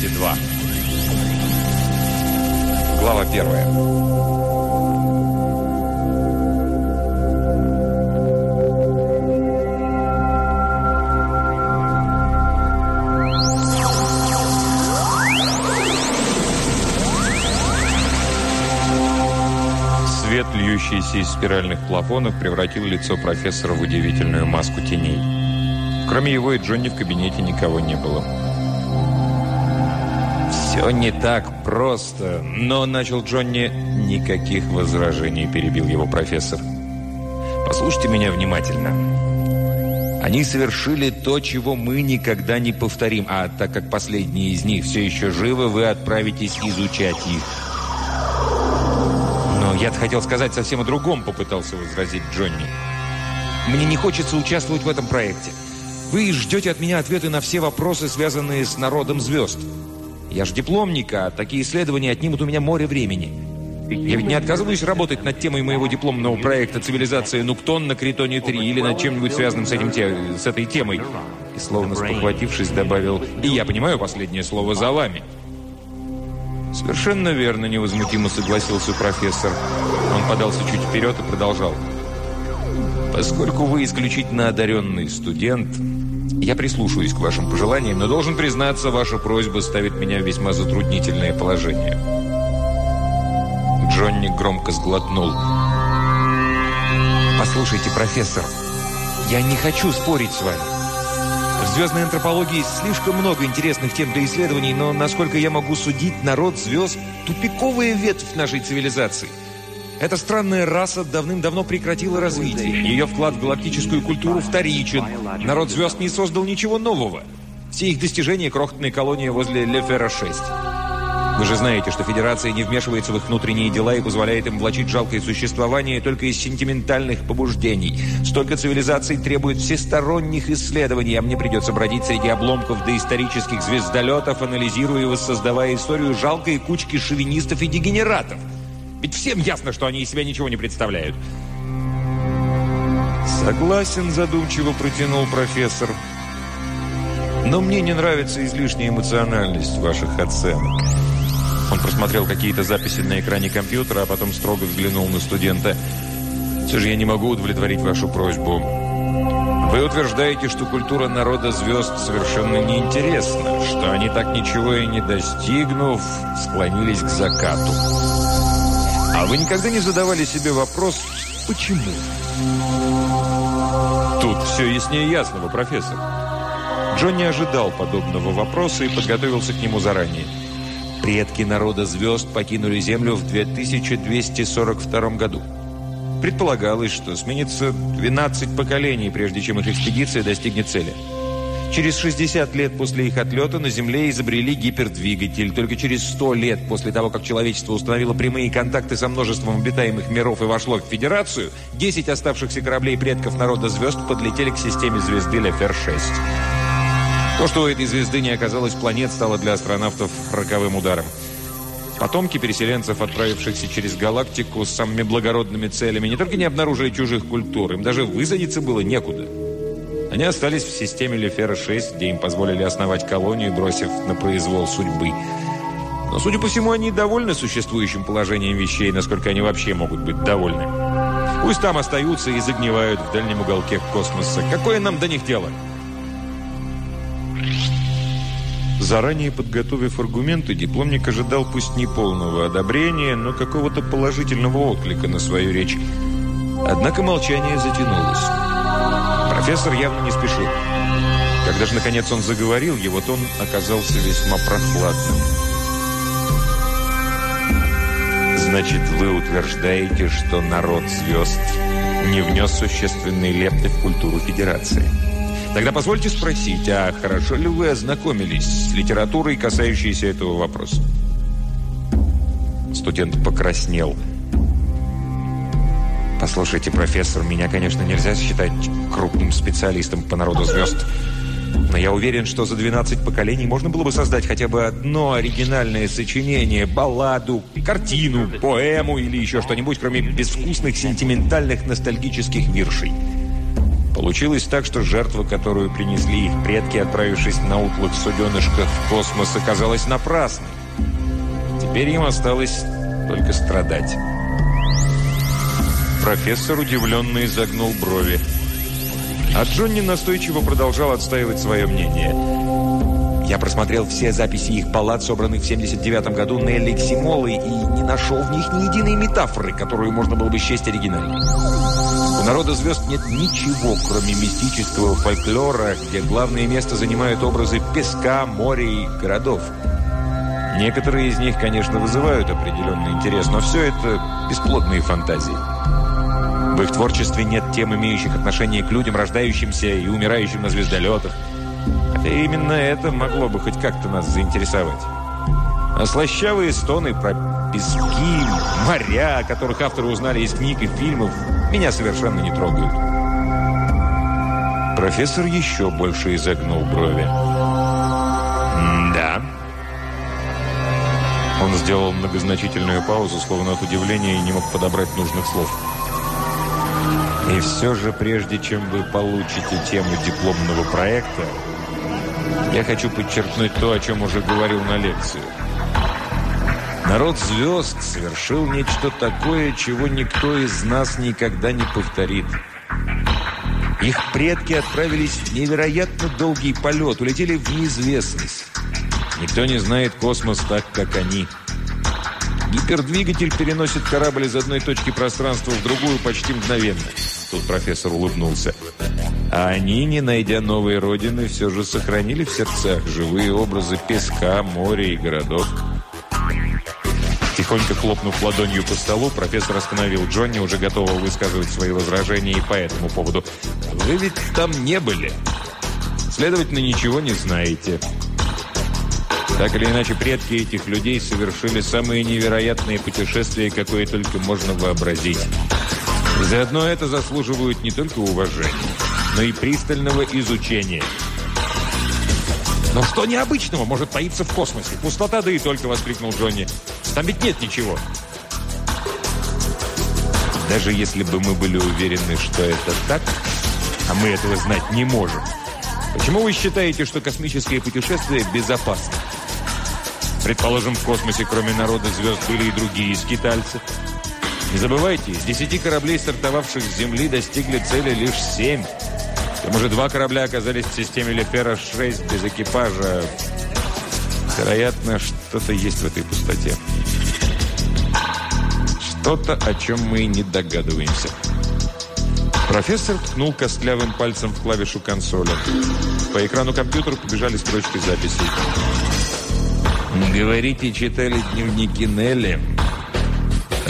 Дети 2. Глава первая. Свет, льющийся из спиральных плафонов, превратил лицо профессора в удивительную маску теней. Кроме его и Джонни в кабинете никого не было. «Все не так просто, но, — начал Джонни, — никаких возражений, — перебил его профессор. Послушайте меня внимательно. Они совершили то, чего мы никогда не повторим, а так как последние из них все еще живы, вы отправитесь изучать их. Но я хотел сказать совсем о другом, — попытался возразить Джонни. Мне не хочется участвовать в этом проекте. Вы ждете от меня ответы на все вопросы, связанные с народом звезд. Я же дипломника, такие исследования отнимут у меня море времени. Я ведь не отказываюсь работать над темой моего дипломного проекта «Цивилизация Нуктон» на Критоне-3 или над чем-нибудь связанным с, этим те... с этой темой. И словно спохватившись, добавил «И я понимаю последнее слово за вами». «Совершенно верно», — невозмутимо согласился профессор. Он подался чуть вперед и продолжал. «Поскольку вы исключительно одаренный студент, я прислушаюсь к вашим пожеланиям, но должен признаться, ваша просьба ставит меня в весьма затруднительное положение. Джонни громко сглотнул. «Послушайте, профессор, я не хочу спорить с вами. В звездной антропологии слишком много интересных тем для исследований, но, насколько я могу судить, народ звезд – тупиковая ветвь нашей цивилизации. Эта странная раса давным-давно прекратила развитие. Ее вклад в галактическую культуру вторичен. Народ звезд не создал ничего нового. Все их достижения – крохотные колонии возле Лефера-6. Вы же знаете, что Федерация не вмешивается в их внутренние дела и позволяет им влачить жалкое существование только из сентиментальных побуждений. Столько цивилизаций требует всесторонних исследований, а мне придется бродить среди обломков доисторических звездолетов, анализируя и воссоздавая историю жалкой кучки шовинистов и дегенератов – ведь всем ясно, что они из себя ничего не представляют. Согласен, задумчиво протянул профессор. Но мне не нравится излишняя эмоциональность ваших оценок. Он просмотрел какие-то записи на экране компьютера, а потом строго взглянул на студента. Все же я не могу удовлетворить вашу просьбу. Вы утверждаете, что культура народа звезд совершенно неинтересна, что они так ничего и не достигнув, склонились к закату. А вы никогда не задавали себе вопрос «почему?» Тут все яснее ясного, профессор. Джон не ожидал подобного вопроса и подготовился к нему заранее. Предки народа звезд покинули Землю в 2242 году. Предполагалось, что сменится 12 поколений, прежде чем их экспедиция достигнет цели – Через 60 лет после их отлета на Земле изобрели гипердвигатель. Только через 100 лет после того, как человечество установило прямые контакты со множеством обитаемых миров и вошло в Федерацию, 10 оставшихся кораблей предков народа звезд подлетели к системе звезды Лефер-6. То, что у этой звезды не оказалось планет, стало для астронавтов роковым ударом. Потомки переселенцев, отправившихся через галактику с самыми благородными целями, не только не обнаружили чужих культур, им даже высадиться было некуда. Они остались в системе Лефера-6, где им позволили основать колонию, бросив на произвол судьбы. Но, судя по всему, они довольны существующим положением вещей, насколько они вообще могут быть довольны. Пусть там остаются и загнивают в дальнем уголке космоса. Какое нам до них дело? Заранее подготовив аргументы, дипломник ожидал пусть не полного одобрения, но какого-то положительного отклика на свою речь. Однако молчание затянулось. Профессор явно не спешил. Когда же, наконец, он заговорил, его тон оказался весьма прохладным. «Значит, вы утверждаете, что народ звезд не внес существенные лепты в культуру Федерации?» Тогда позвольте спросить, а хорошо ли вы ознакомились с литературой, касающейся этого вопроса? Студент покраснел – Послушайте, профессор, меня, конечно, нельзя считать крупным специалистом по народу звезд. Но я уверен, что за 12 поколений можно было бы создать хотя бы одно оригинальное сочинение, балладу, картину, поэму или еще что-нибудь, кроме безвкусных, сентиментальных, ностальгических виршей. Получилось так, что жертва, которую принесли их предки, отправившись на утлых суденышках в космос, оказалась напрасной. Теперь им осталось только страдать. Профессор удивленно изогнул брови. А Джонни настойчиво продолжал отстаивать свое мнение. Я просмотрел все записи их палат, собранных в 79 году на Элексимолы, и не нашел в них ни единой метафоры, которую можно было бы счесть оригинальной. У народа звезд нет ничего, кроме мистического фольклора, где главное место занимают образы песка, моря и городов. Некоторые из них, конечно, вызывают определенный интерес, но все это бесплодные фантазии. В их творчестве нет тем, имеющих отношение к людям, рождающимся и умирающим на звездолетах. Хотя именно это могло бы хоть как-то нас заинтересовать. А слащавые стоны про пески, моря, о которых авторы узнали из книг и фильмов, меня совершенно не трогают. Профессор еще больше изогнул брови. «Да». Он сделал многозначительную паузу, словно от удивления и не мог подобрать нужных слов. «Да». И все же, прежде чем вы получите тему дипломного проекта, я хочу подчеркнуть то, о чем уже говорил на лекции. Народ звезд совершил нечто такое, чего никто из нас никогда не повторит. Их предки отправились в невероятно долгий полет, улетели в неизвестность. Никто не знает космос так, как они. Гипердвигатель переносит корабль из одной точки пространства в другую почти мгновенно. Тут профессор улыбнулся. А они, не найдя новой родины, все же сохранили в сердцах живые образы песка, моря и городов. Тихонько хлопнув ладонью по столу, профессор остановил Джонни, уже готового высказывать свои возражения и по этому поводу. «Вы ведь там не были. Следовательно, ничего не знаете. Так или иначе, предки этих людей совершили самые невероятные путешествия, какое только можно вообразить». Заодно это заслуживают не только уважения, но и пристального изучения. «Но что необычного может таиться в космосе? Пустота, да и только!» – воскликнул Джонни. «Там ведь нет ничего!» Даже если бы мы были уверены, что это так, а мы этого знать не можем, почему вы считаете, что космические путешествия безопасны? Предположим, в космосе кроме народа звезд были и другие скитальцы – не забывайте, из 10 кораблей, стартовавших с Земли, достигли цели лишь 7. К тому же два корабля оказались в системе Лефера-6 без экипажа. Вероятно, что-то есть в этой пустоте. Что-то, о чем мы не догадываемся. Профессор ткнул костлявым пальцем в клавишу консоли. По экрану компьютера побежали строчки записей. «Говорите, читали дневники Нелли?»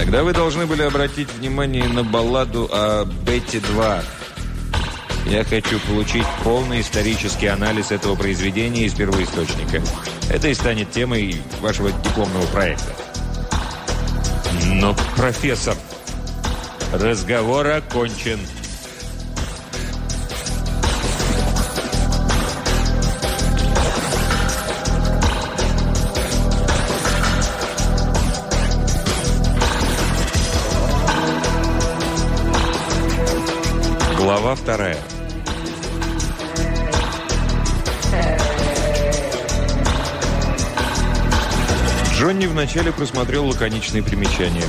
Тогда вы должны были обратить внимание на балладу о Бетти-2. Я хочу получить полный исторический анализ этого произведения из первоисточника. Это и станет темой вашего дипломного проекта. Но, профессор, разговор окончен. Глава вторая. Джонни вначале просмотрел лаконичные примечания.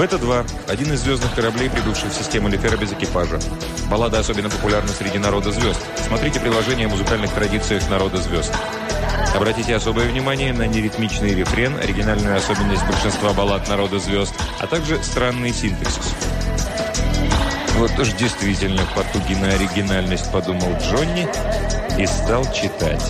«Бета-2» — один из звездных кораблей, прибывший в систему Лефера без экипажа. Баллада особенно популярна среди народа звезд. Смотрите приложение о музыкальных традициях народа звезд. Обратите особое внимание на неритмичный рефрен, оригинальную особенность большинства баллад народа звезд, а также странный синтаксис. Вот уж действительно потуги на оригинальность, подумал Джонни и стал читать.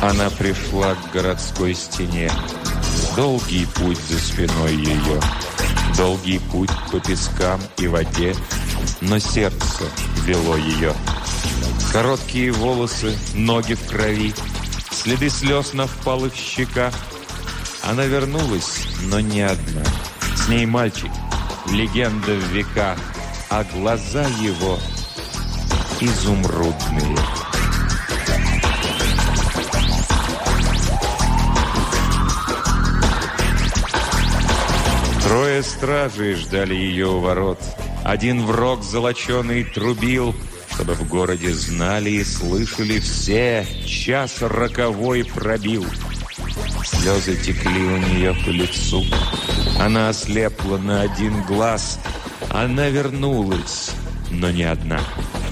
Она пришла к городской стене. Долгий путь за спиной ее. Долгий путь по пескам и воде. Но сердце вело ее. Короткие волосы, ноги в крови – Следы слез на впалых щеках. Она вернулась, но не одна. С ней мальчик, легенда в веках, а глаза его изумрудные. Трое стражей ждали ее у ворот. Один враг золоченый трубил — чтобы в городе знали и слышали все. Час роковой пробил. Слезы текли у нее по лицу. Она ослепла на один глаз. Она вернулась, но не одна.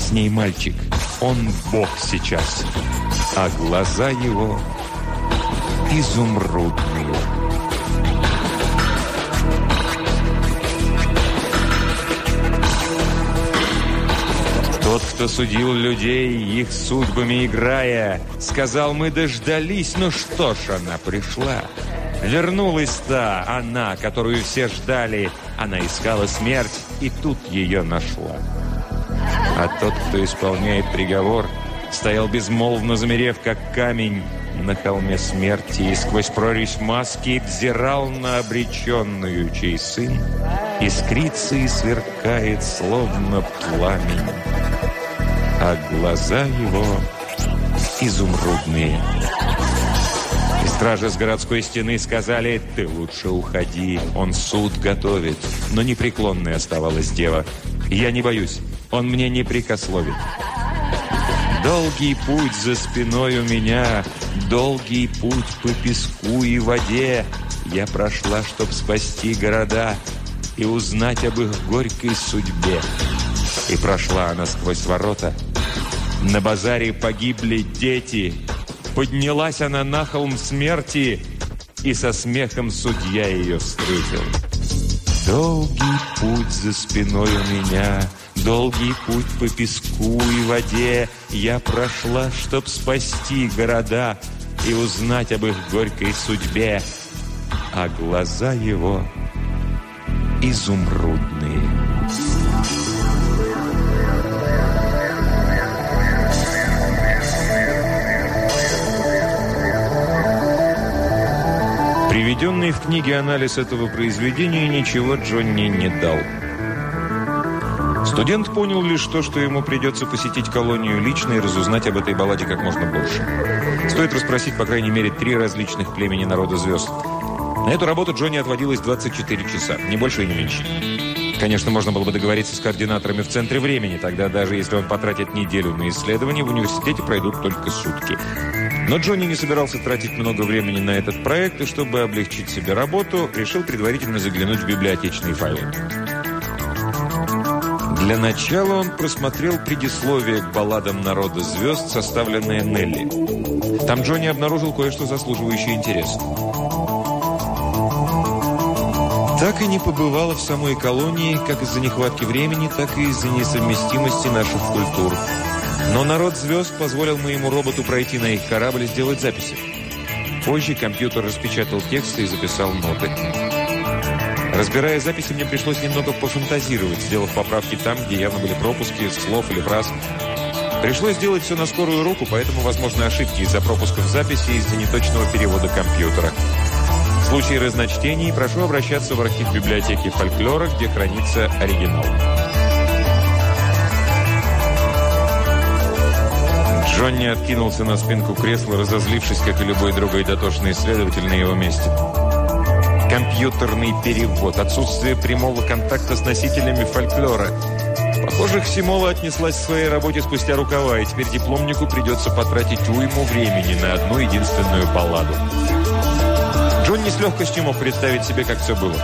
С ней мальчик. Он бог сейчас. А глаза его изумрудные. Тот, кто судил людей, их судьбами играя, сказал, мы дождались, ну что ж, она пришла. Вернулась та, она, которую все ждали. Она искала смерть, и тут ее нашла. А тот, кто исполняет приговор, стоял безмолвно замерев, как камень, на холме смерти и сквозь прорезь маски взирал на обреченную, чей сын искрится и сверкает, словно пламень а глаза его изумрудные. И стражи с городской стены сказали, «Ты лучше уходи, он суд готовит». Но непреклонной оставалась дева. «Я не боюсь, он мне не прикословит». Долгий путь за спиной у меня, Долгий путь по песку и воде. Я прошла, чтоб спасти города И узнать об их горькой судьбе. И прошла она сквозь ворота — на базаре погибли дети. Поднялась она на холм смерти, и со смехом судья ее встретил. Долгий путь за спиной у меня, Долгий путь по песку и воде Я прошла, чтоб спасти города И узнать об их горькой судьбе. А глаза его изумрудные. Приведенный в книге анализ этого произведения ничего Джонни не дал. Студент понял лишь то, что ему придется посетить колонию лично и разузнать об этой балладе как можно больше. Стоит расспросить, по крайней мере, три различных племени народа звезд. На эту работу Джонни отводилось 24 часа, не больше и не меньше. Конечно, можно было бы договориться с координаторами в центре времени, тогда даже если он потратит неделю на исследование, в университете пройдут только сутки. Но Джонни не собирался тратить много времени на этот проект, и чтобы облегчить себе работу, решил предварительно заглянуть в библиотечные файлы. Для начала он просмотрел предисловие к балладам народа звезд, составленное Нелли. Там Джонни обнаружил кое-что заслуживающее интереса. Так и не побывала в самой колонии, как из-за нехватки времени, так и из-за несовместимости наших культур – но народ звезд позволил моему роботу пройти на их корабль и сделать записи. Позже компьютер распечатал тексты и записал ноты. Разбирая записи, мне пришлось немного пофантазировать, сделав поправки там, где явно были пропуски, слов или фраз. Пришлось сделать все на скорую руку, поэтому возможны ошибки из-за пропусков записи и из-за неточного перевода компьютера. В случае разночтений прошу обращаться в архив библиотеки фольклора, где хранится оригинал. Джонни откинулся на спинку кресла, разозлившись, как и любой другой дотошный исследователь на его месте. Компьютерный перевод, отсутствие прямого контакта с носителями фольклора. Похоже, Хсимова отнеслась к своей работе спустя рукава, и теперь дипломнику придется потратить уйму времени на одну единственную балладу. Джонни с легкостью мог представить себе, как все было.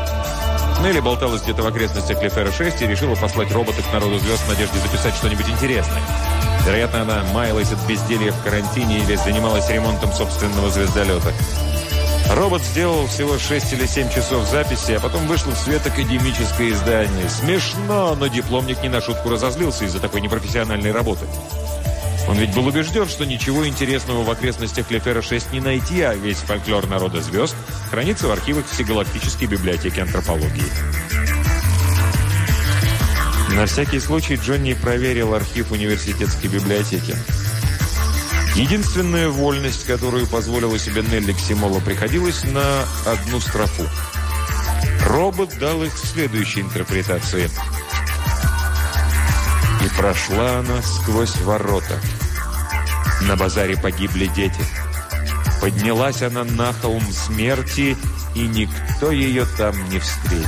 Нелли болталась где-то в окрестностях Лефера-6 и решила послать робота к народу звезд в надежде записать что-нибудь интересное. Вероятно, она маялась от безделья в карантине или занималась ремонтом собственного звездолета. Робот сделал всего 6 или 7 часов записи, а потом вышло в свет академическое издание. Смешно, но дипломник не на шутку разозлился из-за такой непрофессиональной работы. Он ведь был убежден, что ничего интересного в окрестностях Лефера-6 не найти, а весь фольклор народа звезд хранится в архивах Всегалактической библиотеки антропологии. На всякий случай Джонни проверил архив университетской библиотеки. Единственная вольность, которую позволила себе Нелли Ксимола, приходилась на одну строфу. Робот дал их следующей интерпретации. «И прошла она сквозь ворота». На базаре погибли дети. Поднялась она на холм смерти, и никто ее там не встретил.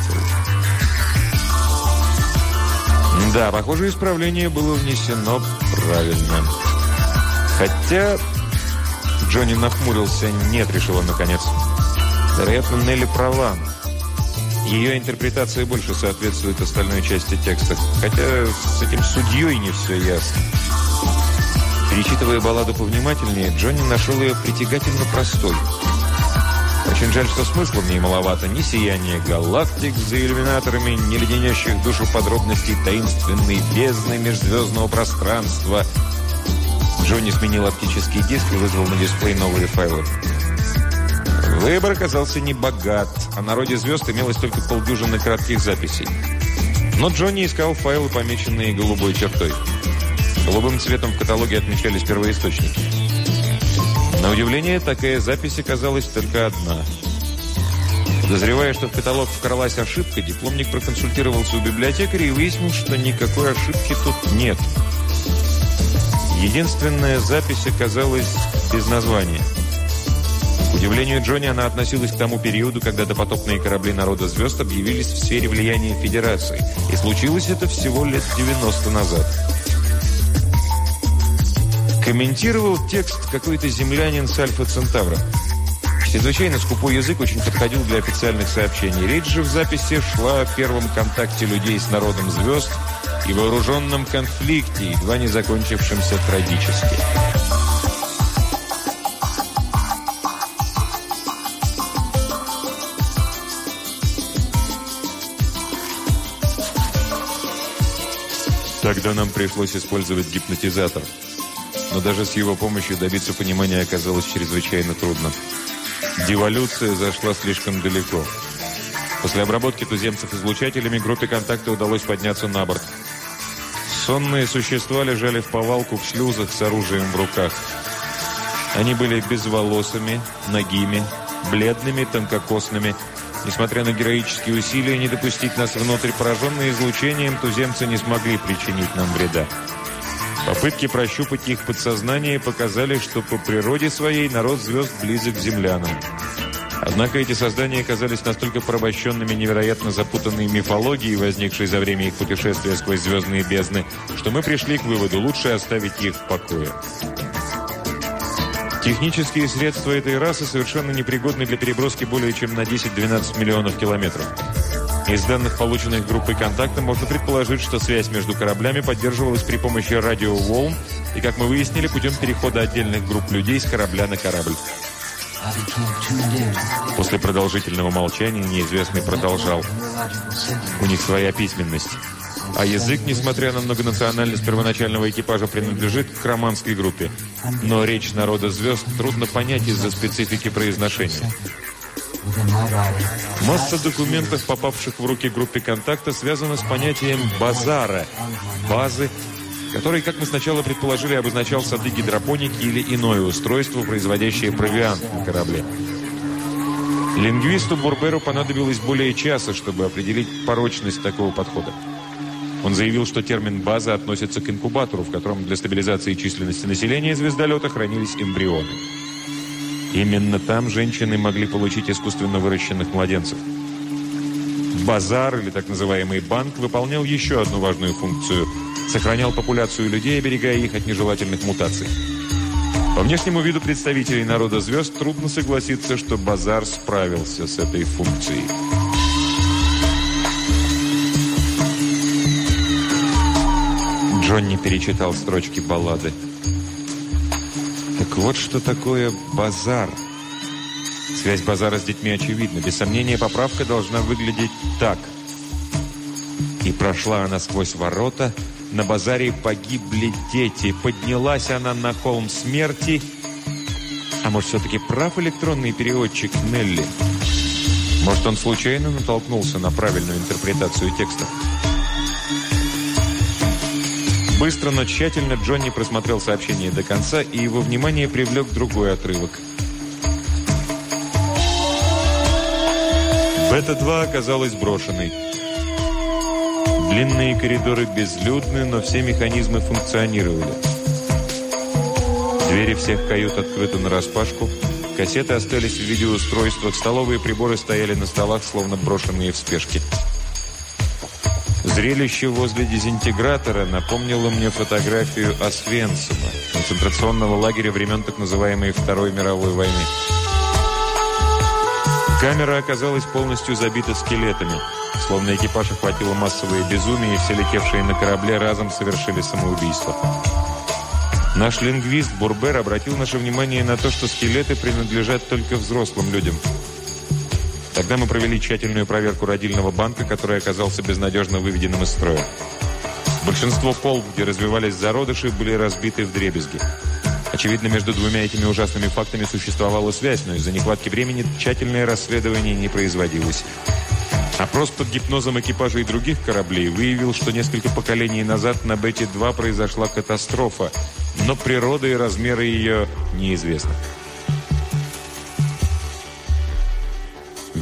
Да, похоже, исправление было внесено правильно. Хотя Джонни нахмурился, нет, решил он наконец. Вероятно, Нелли права. Ее интерпретация больше соответствует остальной части текста, хотя с этим судьей не все ясно. Перечитывая балладу повнимательнее, Джонни нашел ее притягательно простой. Очень жаль, что смысла в ней маловато. Ни сияние галактик за иллюминаторами, ни леденящих душу подробностей таинственной бездны межзвездного пространства. Джонни сменил оптический диск и вызвал на дисплей новые файлы. Выбор оказался не богат. О а народе звезд имелось только полдюжины кратких записей. Но Джонни искал файлы, помеченные голубой чертой. Голубым цветом в каталоге отмечались первоисточники. На удивление, такая запись оказалась только одна. Подозревая, что в каталог вкралась ошибка, дипломник проконсультировался у библиотекаря и выяснил, что никакой ошибки тут нет. Единственная запись оказалась без названия. К удивлению Джонни она относилась к тому периоду, когда допотопные корабли народа звезд объявились в сфере влияния Федерации. И случилось это всего лет 90 назад. Комментировал текст какой-то землянин с Альфа-Центавра. Чрезвычайно скупой язык очень подходил для официальных сообщений. Речь же в записи шла о первом контакте людей с народом звезд и вооруженном конфликте, едва не закончившемся трагически. Тогда нам пришлось использовать гипнотизатор – но даже с его помощью добиться понимания оказалось чрезвычайно трудно. Деволюция зашла слишком далеко. После обработки туземцев излучателями группе контакта удалось подняться на борт. Сонные существа лежали в повалку в шлюзах с оружием в руках. Они были безволосыми, ногими, бледными, тонкокосными. Несмотря на героические усилия не допустить нас внутрь, пораженные излучением, туземцы не смогли причинить нам вреда. Попытки прощупать их подсознание показали, что по природе своей народ звезд близок к землянам. Однако эти создания оказались настолько порабощенными невероятно запутанной мифологией, возникшей за время их путешествия сквозь звездные бездны, что мы пришли к выводу, лучше оставить их в покое. Технические средства этой расы совершенно непригодны для переброски более чем на 10-12 миллионов километров. Из данных, полученных группой контакта, можно предположить, что связь между кораблями поддерживалась при помощи радиоволн и, как мы выяснили, путем перехода отдельных групп людей с корабля на корабль. После продолжительного молчания неизвестный продолжал. У них своя письменность. А язык, несмотря на многонациональность первоначального экипажа, принадлежит к романской группе. Но речь народа звезд трудно понять из-за специфики произношения. Масса документов, попавших в руки группе контакта, связана с понятием «базара» – «базы», который, как мы сначала предположили, обозначал сады гидропоники или иное устройство, производящее провиант на корабле. Лингвисту Бурберу понадобилось более часа, чтобы определить порочность такого подхода. Он заявил, что термин «база» относится к инкубатору, в котором для стабилизации численности населения звездолета хранились эмбрионы. Именно там женщины могли получить искусственно выращенных младенцев. Базар, или так называемый банк, выполнял еще одну важную функцию – сохранял популяцию людей, оберегая их от нежелательных мутаций. По внешнему виду представителей народа звезд трудно согласиться, что базар справился с этой функцией. Джонни перечитал строчки баллады. Так вот, что такое базар. Связь базара с детьми очевидна. Без сомнения, поправка должна выглядеть так. И прошла она сквозь ворота. На базаре погибли дети. Поднялась она на холм смерти. А может, все-таки прав электронный переводчик Нелли? Может, он случайно натолкнулся на правильную интерпретацию текста? Быстро, но тщательно Джонни просмотрел сообщение до конца, и его внимание привлек другой отрывок. Бета-2 оказалась брошенной. Длинные коридоры безлюдны, но все механизмы функционировали. Двери всех кают открыты нараспашку, кассеты остались в видеоустройствах, столовые приборы стояли на столах, словно брошенные в спешке. Зрелище возле дезинтегратора напомнило мне фотографию Освенцима, концентрационного лагеря времен так называемой Второй мировой войны. Камера оказалась полностью забита скелетами. Словно экипаж охватило массовое безумие, и все летевшие на корабле разом совершили самоубийство. Наш лингвист Бурбер обратил наше внимание на то, что скелеты принадлежат только взрослым людям – Тогда мы провели тщательную проверку родильного банка, который оказался безнадежно выведенным из строя. Большинство полк, где развивались зародыши, были разбиты в дребезги. Очевидно, между двумя этими ужасными фактами существовала связь, но из-за нехватки времени тщательное расследование не производилось. Опрос под гипнозом экипажей других кораблей выявил, что несколько поколений назад на Бете-2 произошла катастрофа, но природа и размеры ее неизвестны.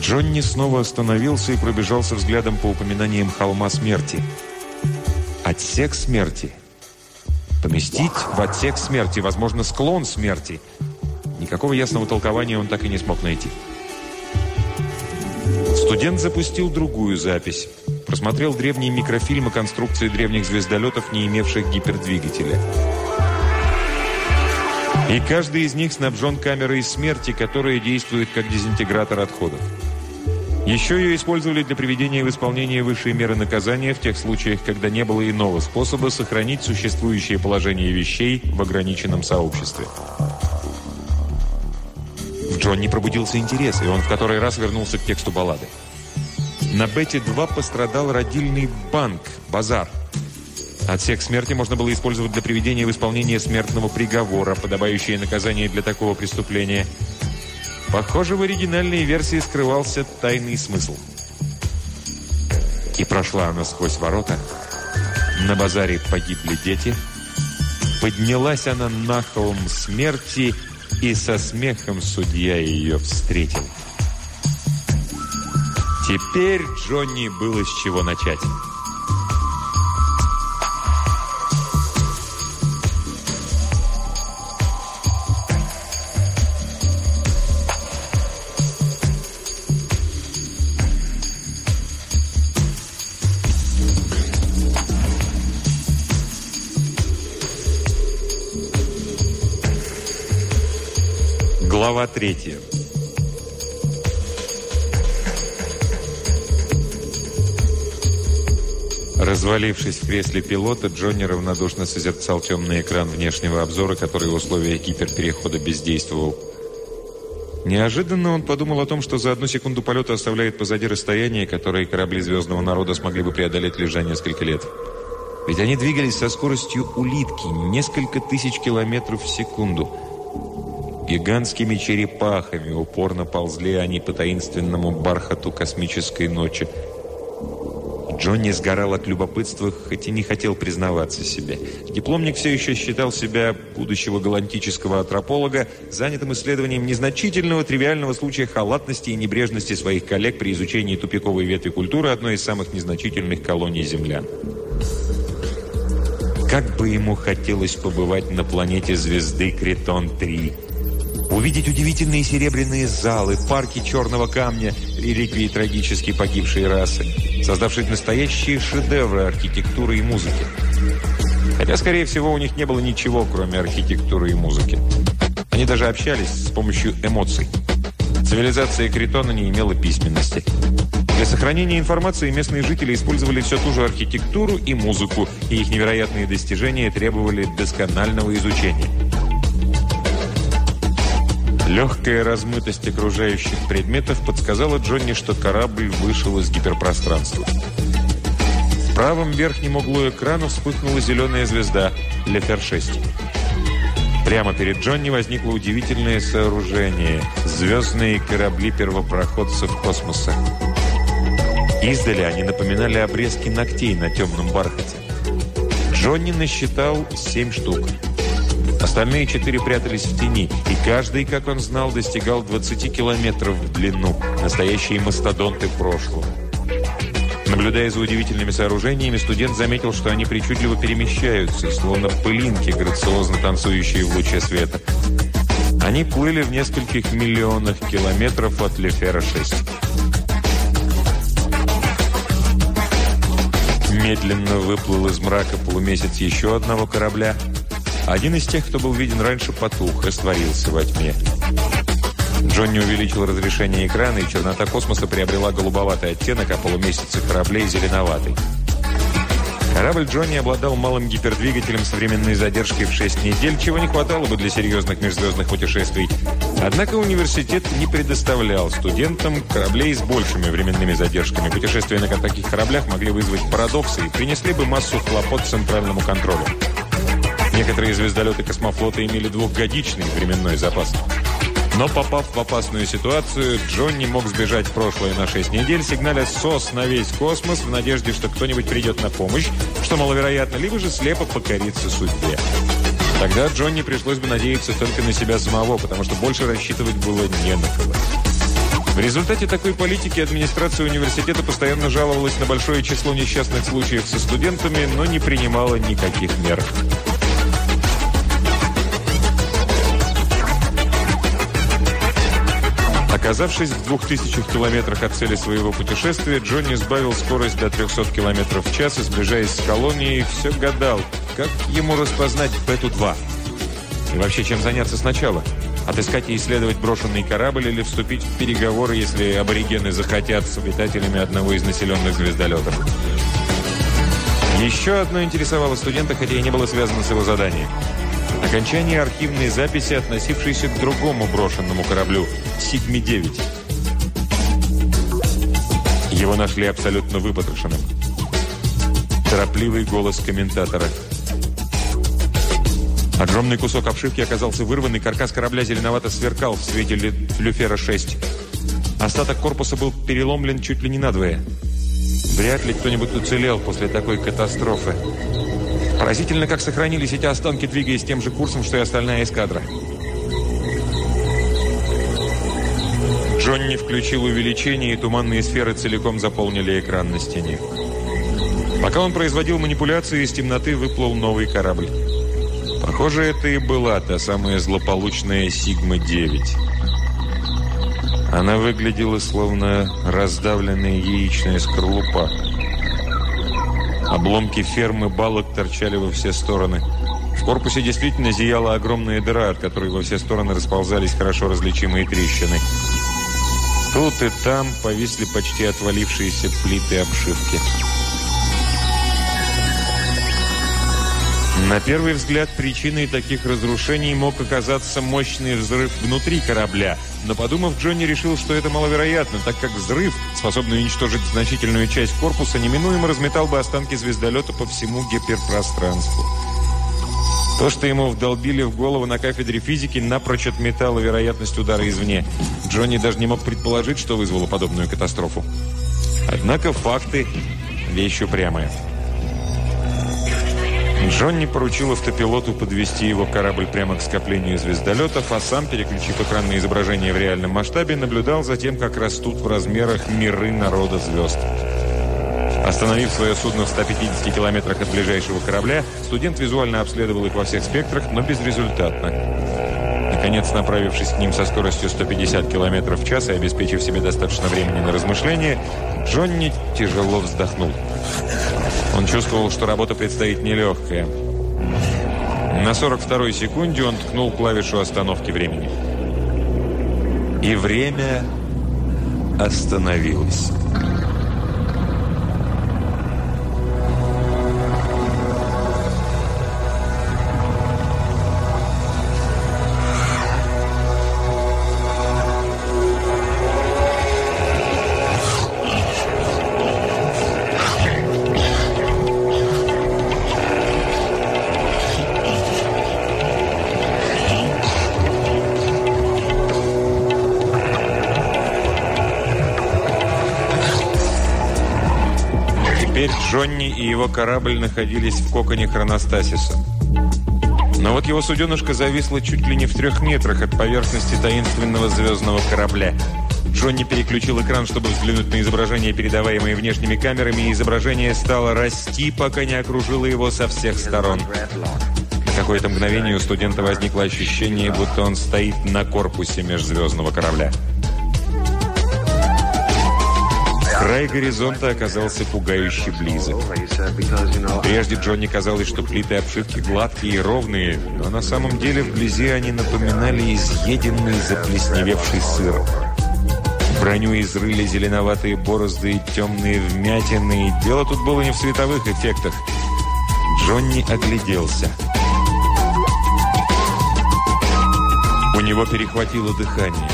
Джонни снова остановился и пробежался взглядом по упоминаниям холма смерти. «Отсек смерти». Поместить в отсек смерти, возможно, склон смерти. Никакого ясного толкования он так и не смог найти. Студент запустил другую запись. Просмотрел древние микрофильмы конструкции древних звездолетов, не имевших гипердвигателя. И каждый из них снабжен камерой смерти, которая действует как дезинтегратор отходов. Еще ее использовали для приведения в исполнение высшей меры наказания в тех случаях, когда не было иного способа сохранить существующее положение вещей в ограниченном сообществе. В Джонни пробудился интерес, и он в который раз вернулся к тексту баллады. На Бете-2 пострадал родильный банк, базар. Отсек смерти можно было использовать для приведения в исполнение смертного приговора, подобающее наказание для такого преступления – Похоже, в оригинальной версии скрывался тайный смысл. И прошла она сквозь ворота. На базаре погибли дети. Поднялась она на холм смерти, и со смехом судья ее встретил. Теперь Джонни было с чего начать. третье. Развалившись в кресле пилота, Джонни равнодушно созерцал темный экран внешнего обзора, который в условиях гиперперехода бездействовал. Неожиданно он подумал о том, что за одну секунду полета оставляет позади расстояние, которое корабли звездного народа смогли бы преодолеть лишь за несколько лет. Ведь они двигались со скоростью улитки, несколько тысяч километров в секунду – Гигантскими черепахами упорно ползли они по таинственному бархату космической ночи. Джонни сгорал от любопытства, хоть и не хотел признаваться себе. Дипломник все еще считал себя, будущего галантического антрополога, занятым исследованием незначительного тривиального случая халатности и небрежности своих коллег при изучении тупиковой ветви культуры одной из самых незначительных колоний землян. Как бы ему хотелось побывать на планете звезды Критон-3 – увидеть удивительные серебряные залы, парки черного камня, реликвии трагически погибшей расы, создавшие настоящие шедевры архитектуры и музыки. Хотя, скорее всего, у них не было ничего, кроме архитектуры и музыки. Они даже общались с помощью эмоций. Цивилизация Критона не имела письменности. Для сохранения информации местные жители использовали всю ту же архитектуру и музыку, и их невероятные достижения требовали досконального изучения. Легкая размытость окружающих предметов подсказала Джонни, что корабль вышел из гиперпространства. В правом верхнем углу экрана вспыхнула зеленая звезда Лефер-6. Прямо перед Джонни возникло удивительное сооружение – звездные корабли первопроходцев космоса. Издали они напоминали обрезки ногтей на темном бархате. Джонни насчитал семь штук – Остальные четыре прятались в тени, и каждый, как он знал, достигал 20 километров в длину. Настоящие мастодонты прошлого. Наблюдая за удивительными сооружениями, студент заметил, что они причудливо перемещаются, словно пылинки, грациозно танцующие в луче света. Они плыли в нескольких миллионах километров от Лефера-6. Медленно выплыл из мрака полумесяц еще одного корабля – один из тех, кто был виден раньше, потух, растворился во тьме. Джонни увеличил разрешение экрана, и чернота космоса приобрела голубоватый оттенок, а полумесяцы кораблей – зеленоватый. Корабль Джонни обладал малым гипердвигателем с временной задержкой в 6 недель, чего не хватало бы для серьезных межзвездных путешествий. Однако университет не предоставлял студентам кораблей с большими временными задержками. Путешествия на таких кораблях могли вызвать парадоксы и принесли бы массу хлопот центральному контролю. Некоторые звездолеты космофлота имели двухгодичный временной запас. Но попав в опасную ситуацию, Джонни мог сбежать в прошлое на 6 недель, сигналя «СОС» на весь космос в надежде, что кто-нибудь придет на помощь, что маловероятно, либо же слепо покориться судьбе. Тогда Джонни пришлось бы надеяться только на себя самого, потому что больше рассчитывать было не на кого. В результате такой политики администрация университета постоянно жаловалась на большое число несчастных случаев со студентами, но не принимала никаких мер. Оказавшись в двух тысячах километрах от цели своего путешествия, Джонни сбавил скорость до 300 км в час и, сближаясь с колонией, все гадал, как ему распознать Пэту-2. И вообще, чем заняться сначала? Отыскать и исследовать брошенный корабль или вступить в переговоры, если аборигены захотят с обитателями одного из населенных звездолетов? Еще одно интересовало студента, хотя и не было связано с его заданием. Окончание архивной записи, относившейся к другому брошенному кораблю – «Сигме-9». Его нашли абсолютно выпотрошенным. Торопливый голос комментатора. Огромный кусок обшивки оказался вырван, и каркас корабля зеленовато сверкал в свете люфера-6. Остаток корпуса был переломлен чуть ли не надвое. Вряд ли кто-нибудь уцелел после такой катастрофы. Поразительно, как сохранились эти останки, двигаясь тем же курсом, что и остальная эскадра. Джонни включил увеличение, и туманные сферы целиком заполнили экран на стене. Пока он производил манипуляции, из темноты выплыл новый корабль. Похоже, это и была та самая злополучная «Сигма-9». Она выглядела словно раздавленная яичная скорлупа. Обломки фермы балок торчали во все стороны. В корпусе действительно зияла огромная дыра, от которой во все стороны расползались хорошо различимые трещины. Тут и там повисли почти отвалившиеся плиты обшивки. На первый взгляд, причиной таких разрушений мог оказаться мощный взрыв внутри корабля. Но подумав, Джонни решил, что это маловероятно, так как взрыв, способный уничтожить значительную часть корпуса, неминуемо разметал бы останки звездолета по всему гиперпространству. То, что ему вдолбили в голову на кафедре физики, напрочь отметало вероятность удара извне. Джонни даже не мог предположить, что вызвало подобную катастрофу. Однако факты – вещь упрямая. Джонни поручил автопилоту подвести его корабль прямо к скоплению звездолетов, а сам, переключив экран на изображение в реальном масштабе, наблюдал за тем, как растут в размерах миры народа звезд. Остановив свое судно в 150 километрах от ближайшего корабля, студент визуально обследовал их во всех спектрах, но безрезультатно наконец направившись к ним со скоростью 150 км в час и обеспечив себе достаточно времени на размышления, Джонни тяжело вздохнул. Он чувствовал, что работа предстоит нелегкая. На 42-й секунде он ткнул клавишу остановки времени. И время остановилось. Джонни и его корабль находились в коконе хроностасиса. Но вот его суденышко зависло чуть ли не в трех метрах от поверхности таинственного звездного корабля. Джонни переключил экран, чтобы взглянуть на изображение, передаваемое внешними камерами, и изображение стало расти, пока не окружило его со всех сторон. На какое-то мгновение у студента возникло ощущение, будто он стоит на корпусе межзвездного корабля. Край горизонта оказался пугающе близок. Прежде Джонни казалось, что плиты обшивки гладкие и ровные, но на самом деле вблизи они напоминали изъеденный заплесневевший сыр. Броню изрыли зеленоватые борозды и темные вмятины, и дело тут было не в световых эффектах. Джонни огляделся. У него перехватило дыхание.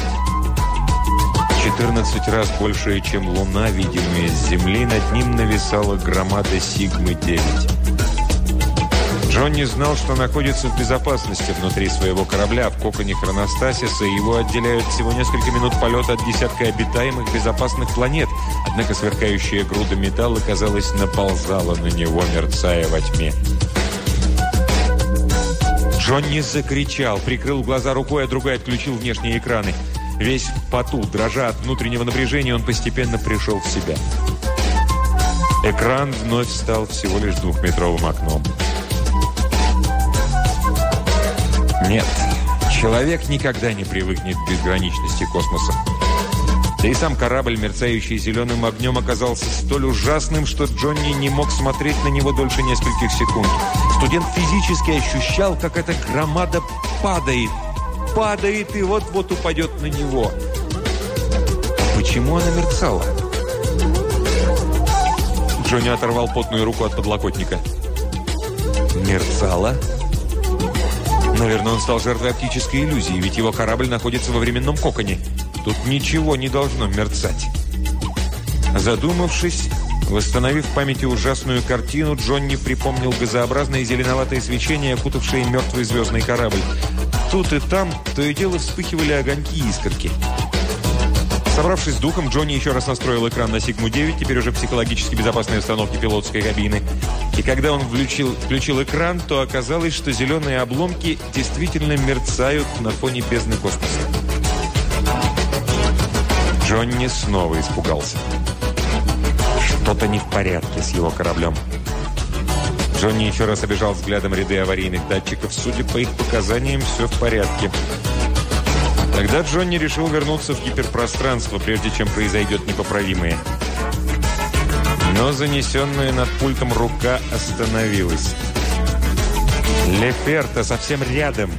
14 раз больше, чем Луна, видимая с Земли, над ним нависала громада Сигмы-9. Джонни знал, что находится в безопасности внутри своего корабля в коконе Хроностасиса, и его отделяют всего несколько минут полета от десятка обитаемых безопасных планет, однако сверкающая груда металла, казалось, наползала на него, мерцая во тьме. Джонни закричал, прикрыл глаза рукой, а другой отключил внешние экраны – Весь в поту, дрожа от внутреннего напряжения, он постепенно пришел в себя. Экран вновь стал всего лишь двухметровым окном. Нет, человек никогда не привыкнет к безграничности космоса. Да и сам корабль, мерцающий зеленым огнем, оказался столь ужасным, что Джонни не мог смотреть на него дольше нескольких секунд. Студент физически ощущал, как эта громада падает, падает и вот-вот упадет на него. Почему она мерцала? Джонни оторвал потную руку от подлокотника. Мерцала? Наверное, он стал жертвой оптической иллюзии, ведь его корабль находится во временном коконе. Тут ничего не должно мерцать. Задумавшись, восстановив в памяти ужасную картину, Джонни припомнил газообразное зеленоватое свечение, окутавшее мертвый звездный корабль тут и там то и дело вспыхивали огоньки и искорки. Собравшись с духом, Джонни еще раз настроил экран на Сигму-9, теперь уже психологически безопасной установки пилотской кабины. И когда он включил, включил экран, то оказалось, что зеленые обломки действительно мерцают на фоне бездны космоса. Джонни снова испугался. Что-то не в порядке с его кораблем. Джонни еще раз обижал взглядом ряды аварийных датчиков. Судя по их показаниям, все в порядке. Тогда Джонни решил вернуться в гиперпространство, прежде чем произойдет непоправимое. Но занесенная над пультом рука остановилась. Леферта совсем рядом.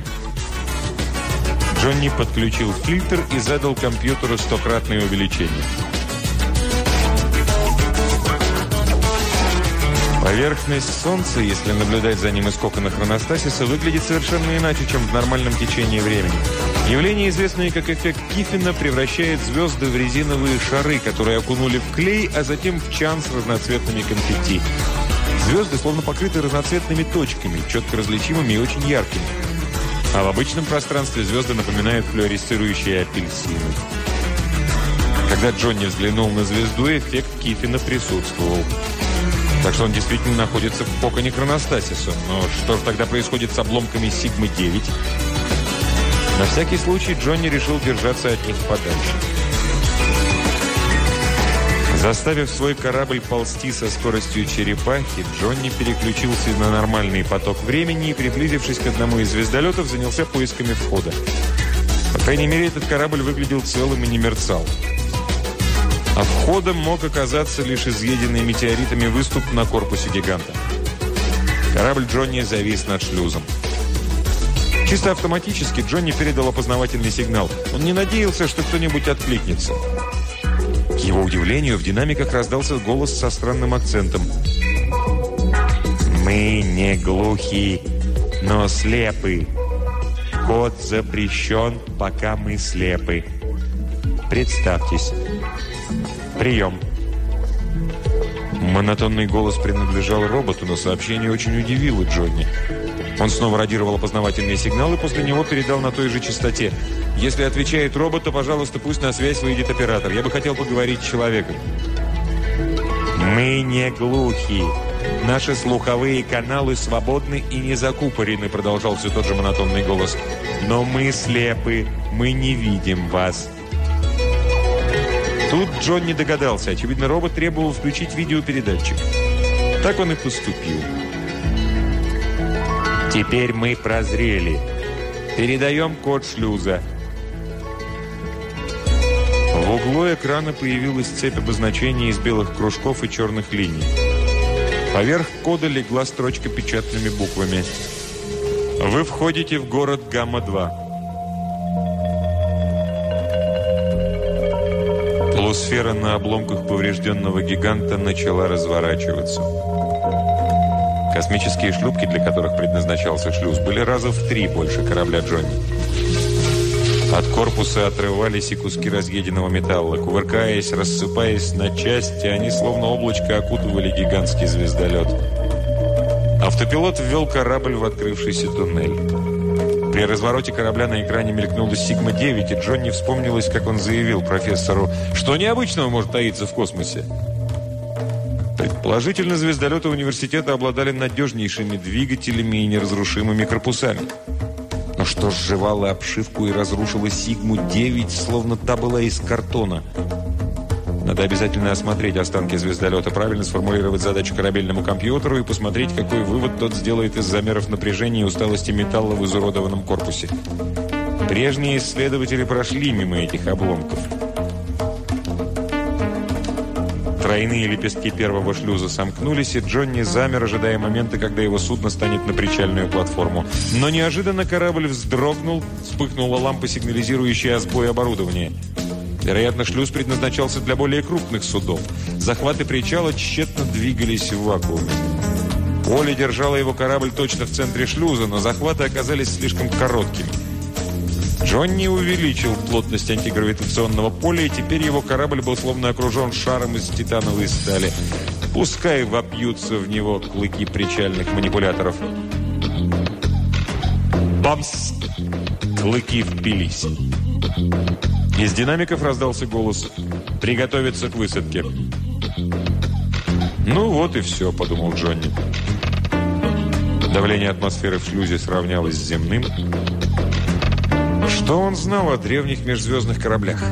Джонни подключил фильтр и задал компьютеру стократное увеличение. Поверхность Солнца, если наблюдать за ним из кокона хроностасиса, выглядит совершенно иначе, чем в нормальном течении времени. Явление, известное как эффект Киффина, превращает звезды в резиновые шары, которые окунули в клей, а затем в чан с разноцветными конфетти. Звезды словно покрыты разноцветными точками, четко различимыми и очень яркими. А в обычном пространстве звезды напоминают флюоресцирующие апельсины. Когда Джонни взглянул на звезду, эффект Киффина присутствовал. Так что он действительно находится в коконе Кроностасиса. Но что же тогда происходит с обломками Сигмы-9? На всякий случай Джонни решил держаться от них подальше. Заставив свой корабль ползти со скоростью черепахи, Джонни переключился на нормальный поток времени и, приблизившись к одному из звездолетов, занялся поисками входа. По крайней мере, этот корабль выглядел целым и не мерцал. А входом мог оказаться лишь изъеденный метеоритами выступ на корпусе гиганта. Корабль Джонни завис над шлюзом. Чисто автоматически Джонни передал опознавательный сигнал. Он не надеялся, что кто-нибудь откликнется. К его удивлению, в динамиках раздался голос со странным акцентом. «Мы не глухи, но слепы. Код запрещен, пока мы слепы. Представьтесь». «Прием!» Монотонный голос принадлежал роботу, но сообщение очень удивило Джонни. Он снова радировал опознавательные сигналы, после него передал на той же частоте. «Если отвечает робот, то, пожалуйста, пусть на связь выйдет оператор. Я бы хотел поговорить с человеком». «Мы не глухи. Наши слуховые каналы свободны и не закупорены», продолжал все тот же монотонный голос. «Но мы слепы. Мы не видим вас. Тут Джон не догадался. Очевидно, робот требовал включить видеопередатчик. Так он и поступил. Теперь мы прозрели. Передаем код шлюза. В углу экрана появилась цепь обозначений из белых кружков и черных линий. Поверх кода легла строчка печатными буквами. «Вы входите в город Гамма-2». Атмосфера на обломках поврежденного гиганта начала разворачиваться. Космические шлюпки, для которых предназначался шлюз, были раза в три больше корабля Джонни. От корпуса отрывались и куски разъеденного металла. Кувыркаясь, рассыпаясь на части, они словно облачко окутывали гигантский звездолет. Автопилот ввел корабль в открывшийся туннель. При развороте корабля на экране мелькнула «Сигма-9», и Джонни вспомнилось, как он заявил профессору, что необычного может таиться в космосе. Предположительно, звездолеты университета обладали надежнейшими двигателями и неразрушимыми корпусами. Но что сживало обшивку и разрушило «Сигму-9», словно та была из картона – надо обязательно осмотреть останки звездолета, правильно сформулировать задачу корабельному компьютеру и посмотреть, какой вывод тот сделает из замеров напряжения и усталости металла в изуродованном корпусе. Прежние исследователи прошли мимо этих обломков. Тройные лепестки первого шлюза сомкнулись, и Джонни замер, ожидая момента, когда его судно станет на причальную платформу. Но неожиданно корабль вздрогнул, вспыхнула лампа, сигнализирующая о сбое оборудования. Вероятно, шлюз предназначался для более крупных судов. Захваты причала тщетно двигались в вакууме. Оля держала его корабль точно в центре шлюза, но захваты оказались слишком короткими. Джонни увеличил плотность антигравитационного поля, и теперь его корабль был словно окружен шаром из титановой стали. Пускай вопьются в него клыки причальных манипуляторов. Бамс! Клыки впились. Из динамиков раздался голос «Приготовиться к высадке». «Ну вот и все», – подумал Джонни. Давление атмосферы в шлюзе сравнялось с земным. Что он знал о древних межзвездных кораблях?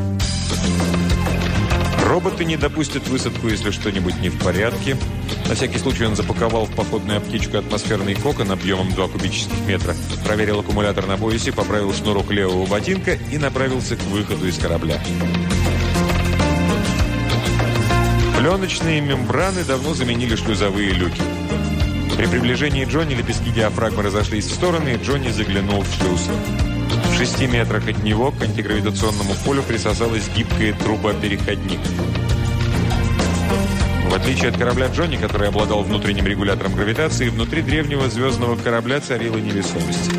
Роботы не допустят высадку, если что-нибудь не в порядке – на всякий случай он запаковал в походную аптечку атмосферный кокон объемом 2 кубических метра, проверил аккумулятор на поясе, поправил шнурок левого ботинка и направился к выходу из корабля. Пленочные мембраны давно заменили шлюзовые люки. При приближении Джонни лепестки диафрагмы разошлись в стороны, и Джонни заглянул в шлюз. В шести метрах от него к антигравитационному полю присосалась гибкая труба-переходник. В отличие от корабля Джонни, который обладал внутренним регулятором гравитации, внутри древнего звездного корабля царила невесомость.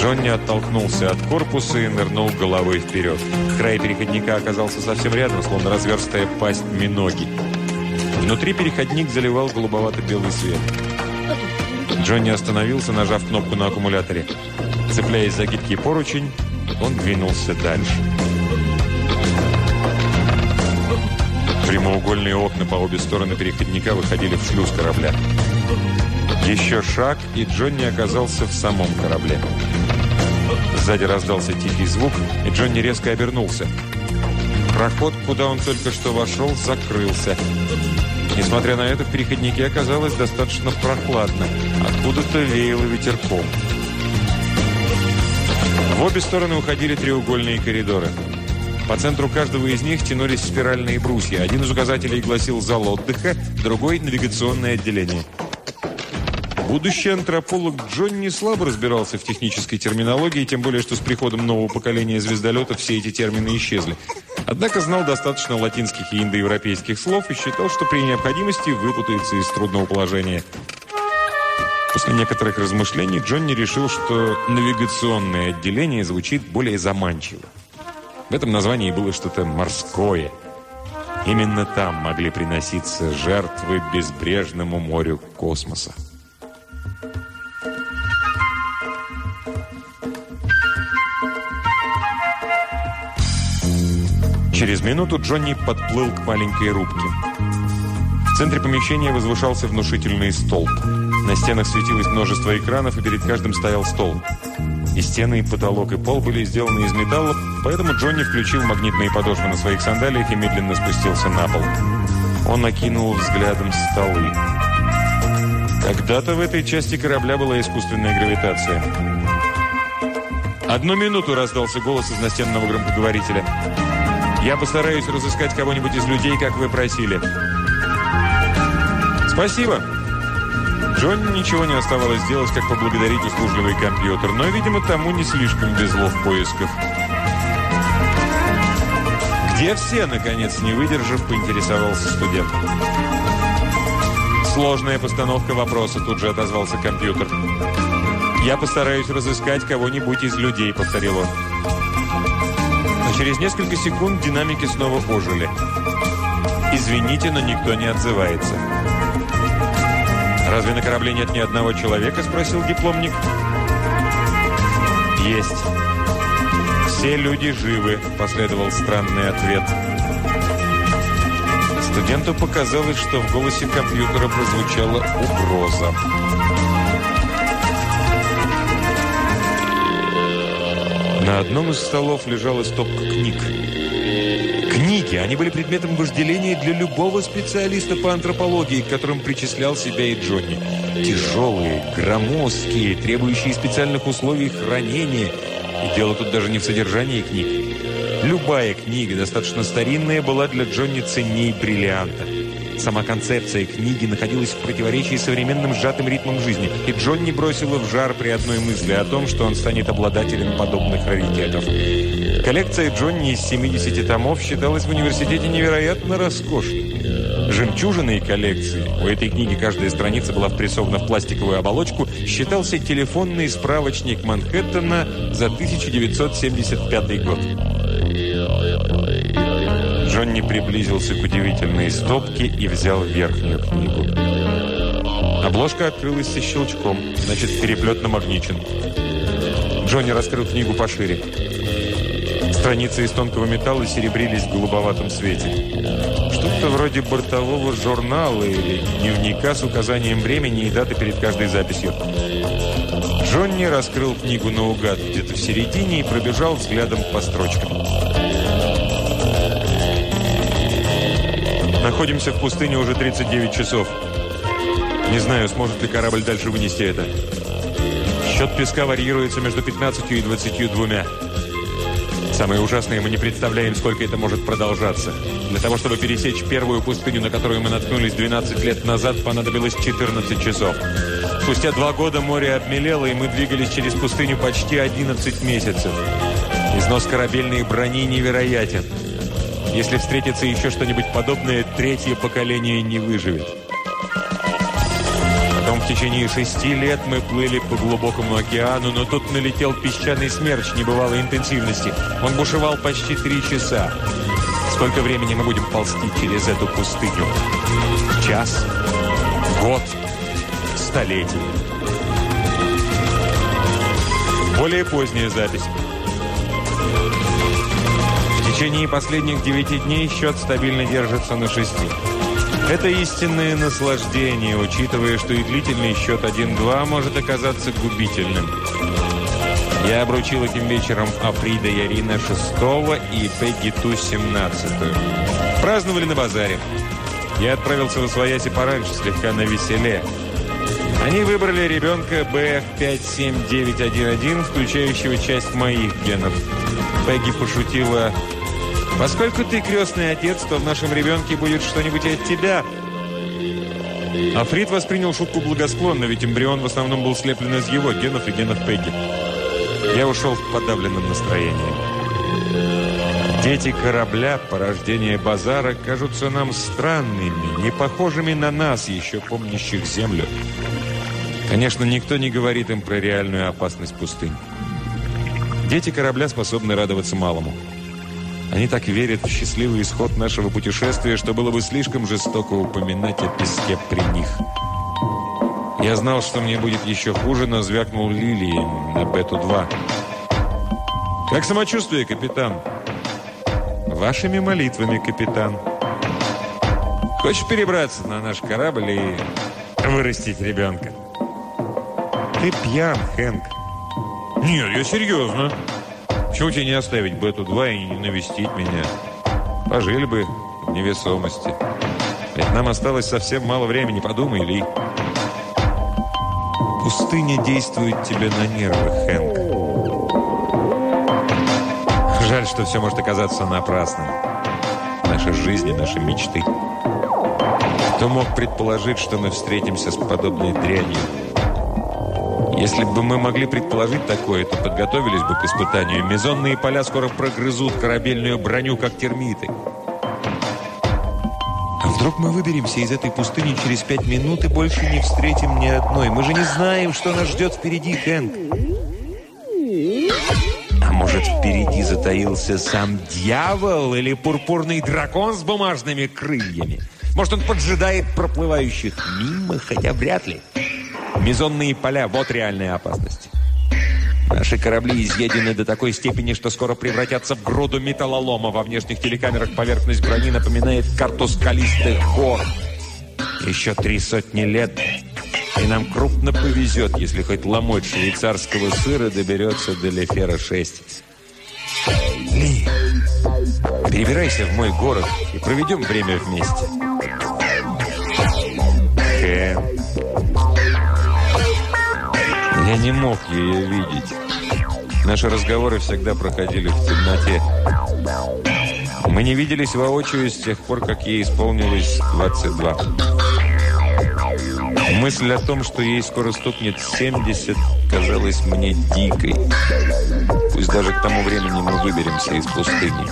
Джонни оттолкнулся от корпуса и нырнул головой вперед. Край переходника оказался совсем рядом, словно разверстая пасть миноги. Внутри переходник заливал голубовато-белый свет. Джонни остановился, нажав кнопку на аккумуляторе. Цепляясь за гибкий поручень, он двинулся дальше. Прямоугольные окна по обе стороны переходника выходили в шлюз корабля. Еще шаг, и Джонни оказался в самом корабле. Сзади раздался тихий звук, и Джонни резко обернулся. Проход, куда он только что вошел, закрылся. Несмотря на это, в переходнике оказалось достаточно прохладно. Откуда-то веяло ветерком. В обе стороны уходили треугольные коридоры. По центру каждого из них тянулись спиральные брусья. Один из указателей гласил «зал отдыха», другой – «навигационное отделение». Будущий антрополог Джон не слабо разбирался в технической терминологии, тем более, что с приходом нового поколения звездолетов все эти термины исчезли. Однако знал достаточно латинских и индоевропейских слов и считал, что при необходимости выпутается из трудного положения. После некоторых размышлений Джонни решил, что навигационное отделение звучит более заманчиво. В этом названии было что-то морское. Именно там могли приноситься жертвы безбрежному морю космоса. Через минуту Джонни подплыл к маленькой рубке. В центре помещения возвышался внушительный столб. На стенах светилось множество экранов, и перед каждым стоял стол. И стены, и потолок, и пол были сделаны из металла, поэтому Джонни включил магнитные подошвы на своих сандалиях и медленно спустился на пол. Он окинул взглядом столы. Когда-то в этой части корабля была искусственная гравитация. «Одну минуту!» – раздался голос из настенного громкоговорителя. «Я постараюсь разыскать кого-нибудь из людей, как вы просили». «Спасибо!» Джонни ничего не оставалось делать, как поблагодарить услужливый компьютер, но, видимо, тому не слишком везло в поисках. «Где все?» – наконец, не выдержав, поинтересовался студент. «Сложная постановка вопроса», – тут же отозвался компьютер. «Я постараюсь разыскать кого-нибудь из людей», – повторил он. Но через несколько секунд динамики снова ожили. «Извините, но никто не отзывается». «Разве на корабле нет ни одного человека?» – спросил дипломник. «Есть. Все люди живы», – последовал странный ответ. Студенту показалось, что в голосе компьютера прозвучала угроза. На одном из столов лежала стопка книг. Языки они были предметом вожделения для любого специалиста по антропологии, к которым причислял себя и Джонни. Тяжелые, громоздкие, требующие специальных условий хранения. И дело тут даже не в содержании книг. Любая книга, достаточно старинная, была для Джонни ценнее бриллианта. Сама концепция книги находилась в противоречии с современным сжатым ритмом жизни, и Джонни бросила в жар при одной мысли о том, что он станет обладателем подобных раритетов. Коллекция Джонни из 70 томов считалась в университете невероятно роскошной. Жемчужиной коллекции, у этой книги каждая страница была впрессована в пластиковую оболочку, считался телефонный справочник Манхэттена за 1975 год. Джонни приблизился к удивительной стопке и взял верхнюю книгу. Обложка открылась со щелчком, значит, переплет намагничен. Джонни раскрыл книгу пошире. Страницы из тонкого металла серебрились в голубоватом свете. Что-то вроде бортового журнала или дневника с указанием времени и даты перед каждой записью. Джонни раскрыл книгу наугад где-то в середине и пробежал взглядом по строчкам. Находимся в пустыне уже 39 часов. Не знаю, сможет ли корабль дальше вынести это. Счет песка варьируется между 15 и 22. Самое ужасное, мы не представляем, сколько это может продолжаться. Для того, чтобы пересечь первую пустыню, на которую мы наткнулись 12 лет назад, понадобилось 14 часов. Спустя два года море обмелело, и мы двигались через пустыню почти 11 месяцев. Износ корабельной брони невероятен. Если встретится еще что-нибудь подобное, третье поколение не выживет. Потом в течение шести лет мы плыли по глубокому океану, но тут налетел песчаный смерч небывалой интенсивности. Он бушевал почти три часа. Сколько времени мы будем ползти через эту пустыню? Час? Год? Столетие? Более поздняя запись течение последних девяти дней счет стабильно держится на шести. Это истинное наслаждение, учитывая, что и длительный счет 1-2 может оказаться губительным. Я обручил этим вечером Априда Ярина 6 и Пегиту 17. Праздновали на базаре. Я отправился в Освояси пораньше, слегка на веселе. Они выбрали ребенка BF57911, включающего часть моих генов. Пегги пошутила Поскольку ты крестный отец, то в нашем ребенке будет что-нибудь от тебя. Африт воспринял шутку благосклонно, ведь эмбрион в основном был слеплен из его генов и генов Пегги. Я ушел в подавленном настроении. Дети корабля, порождение базара, кажутся нам странными, не похожими на нас, еще помнящих Землю. Конечно, никто не говорит им про реальную опасность пустынь. Дети корабля способны радоваться малому. Они так верят в счастливый исход нашего путешествия, что было бы слишком жестоко упоминать о песке при них. Я знал, что мне будет еще хуже, но звякнул Лилии на Бету-2. «Как самочувствие, капитан?» «Вашими молитвами, капитан». «Хочешь перебраться на наш корабль и вырастить ребенка?» «Ты пьян, Хэнк». «Нет, я серьезно». Почему тебе не оставить Бету-2 и не навестить меня? Пожили бы в невесомости. Ведь нам осталось совсем мало времени, подумай, Ли. Пустыня действует тебе на нервы, Хэнк. Жаль, что все может оказаться напрасным. Наши жизни, наши мечты. Кто мог предположить, что мы встретимся с подобной дрянью? Если бы мы могли предположить такое, то подготовились бы к испытанию. Мезонные поля скоро прогрызут корабельную броню, как термиты. А вдруг мы выберемся из этой пустыни через пять минут и больше не встретим ни одной? Мы же не знаем, что нас ждет впереди, Хэнк. А может, впереди затаился сам дьявол или пурпурный дракон с бумажными крыльями? Может, он поджидает проплывающих мимо, хотя вряд ли. Мизонные поля – вот реальная опасность. Наши корабли изъедены до такой степени, что скоро превратятся в груду металлолома. Во внешних телекамерах поверхность брони напоминает карту скалистых гор. Еще три сотни лет, и нам крупно повезет, если хоть ломоть швейцарского сыра доберется до Лефера-6. Ли, перебирайся в мой город и проведем время вместе. Я не мог ее видеть. Наши разговоры всегда проходили в темноте. Мы не виделись воочию с тех пор, как ей исполнилось 22. Мысль о том, что ей скоро стукнет 70, казалась мне дикой. Пусть даже к тому времени мы выберемся из пустыни.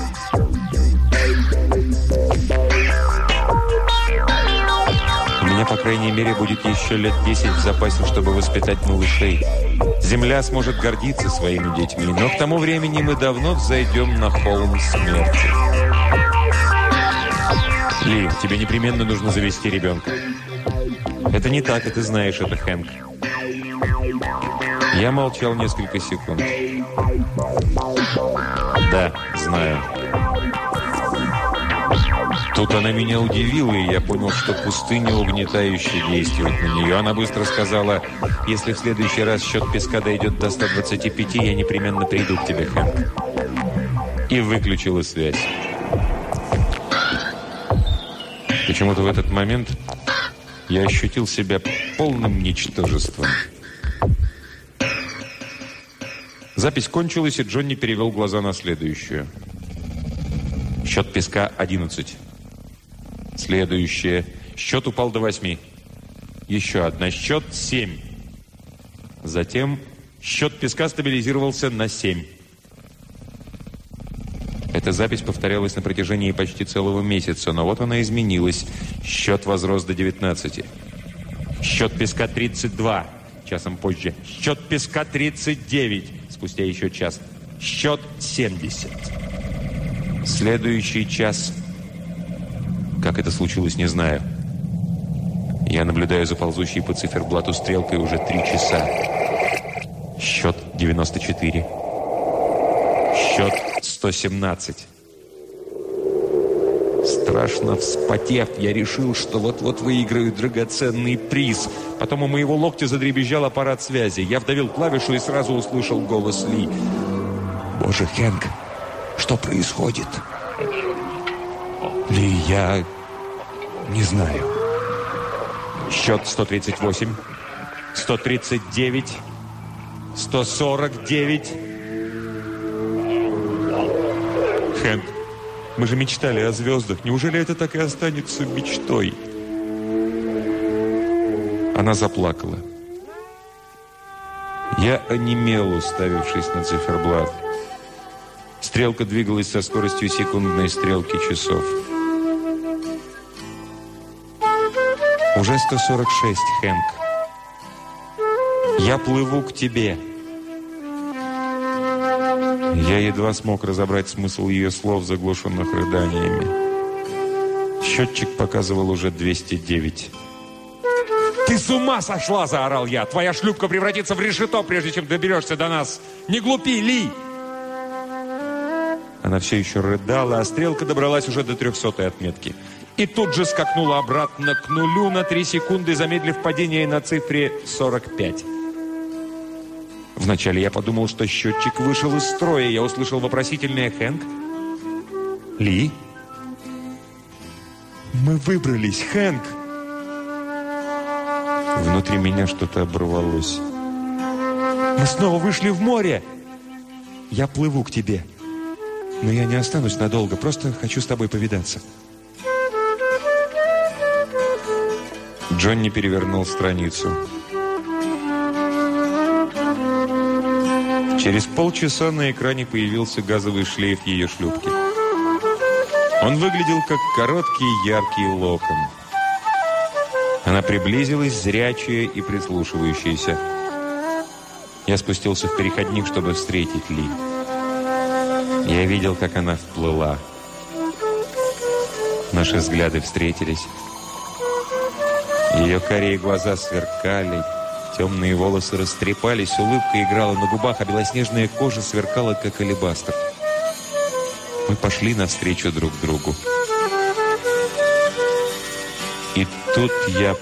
меня, по крайней мере, будет еще лет 10 в запасе, чтобы воспитать малышей. Земля сможет гордиться своими детьми, но к тому времени мы давно взойдем на холм смерти. Ли, тебе непременно нужно завести ребенка. Это не так, и ты знаешь это, Хэнк. Я молчал несколько секунд. Да, знаю. Тут она меня удивила, и я понял, что пустыня угнетающе действует на нее. Она быстро сказала, если в следующий раз счет песка дойдет до 125, я непременно приду к тебе, Хэнк. И выключила связь. Почему-то в этот момент я ощутил себя полным ничтожеством. Запись кончилась, и Джонни перевел глаза на следующую. Счет песка 11. Следующее. Счет упал до восьми. Еще одна. Счет семь. Затем счет песка стабилизировался на семь. Эта запись повторялась на протяжении почти целого месяца, но вот она изменилась. Счет возрос до 19. Счет песка 32. Часом позже. Счет песка 39. Спустя еще час. Счет 70. Следующий час как это случилось, не знаю. Я наблюдаю за ползущей по циферблату стрелкой уже три часа. Счет 94. Счет 117. Страшно вспотев, я решил, что вот-вот выиграю драгоценный приз. Потом у моего локтя задребезжал аппарат связи. Я вдавил клавишу и сразу услышал голос Ли. «Боже, Хэнк, что происходит?» ли я... не знаю. Счет 138, 139, 149. Хэнк, мы же мечтали о звездах. Неужели это так и останется мечтой? Она заплакала. Я онемел, уставившись на циферблат. Стрелка двигалась со скоростью секундной стрелки часов. Уже 146, Хэнк. Я плыву к тебе. Я едва смог разобрать смысл ее слов, заглушенных рыданиями. Счетчик показывал уже 209. «Ты с ума сошла!» – заорал я. «Твоя шлюпка превратится в решето, прежде чем доберешься до нас! Не глупи, Ли!» Она все еще рыдала, а стрелка добралась уже до трехсотой отметки – и тут же скакнула обратно к нулю на 3 секунды, замедлив падение на цифре 45. Вначале я подумал, что счетчик вышел из строя. Я услышал вопросительное «Хэнк?» «Ли?» «Мы выбрались, Хэнк!» Внутри меня что-то оборвалось. «Мы снова вышли в море!» «Я плыву к тебе, но я не останусь надолго, просто хочу с тобой повидаться». Джонни перевернул страницу. Через полчаса на экране появился газовый шлейф ее шлюпки. Он выглядел как короткий яркий локон. Она приблизилась, зрячая и прислушивающаяся. Я спустился в переходник, чтобы встретить Ли. Я видел, как она вплыла. Наши взгляды встретились. Ее карие глаза сверкали, темные волосы растрепались, улыбка играла на губах, а белоснежная кожа сверкала, как алебастр. Мы пошли навстречу друг другу. И тут я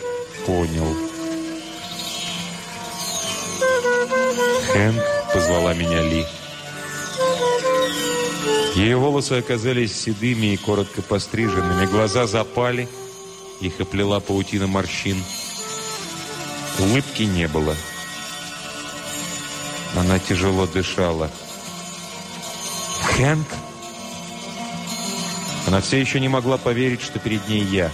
понял. Хэнк позвала меня Ли. Ее волосы оказались седыми и коротко постриженными, глаза запали — их оплела паутина морщин. Улыбки не было. Она тяжело дышала. «Хэнк?» Она все еще не могла поверить, что перед ней я.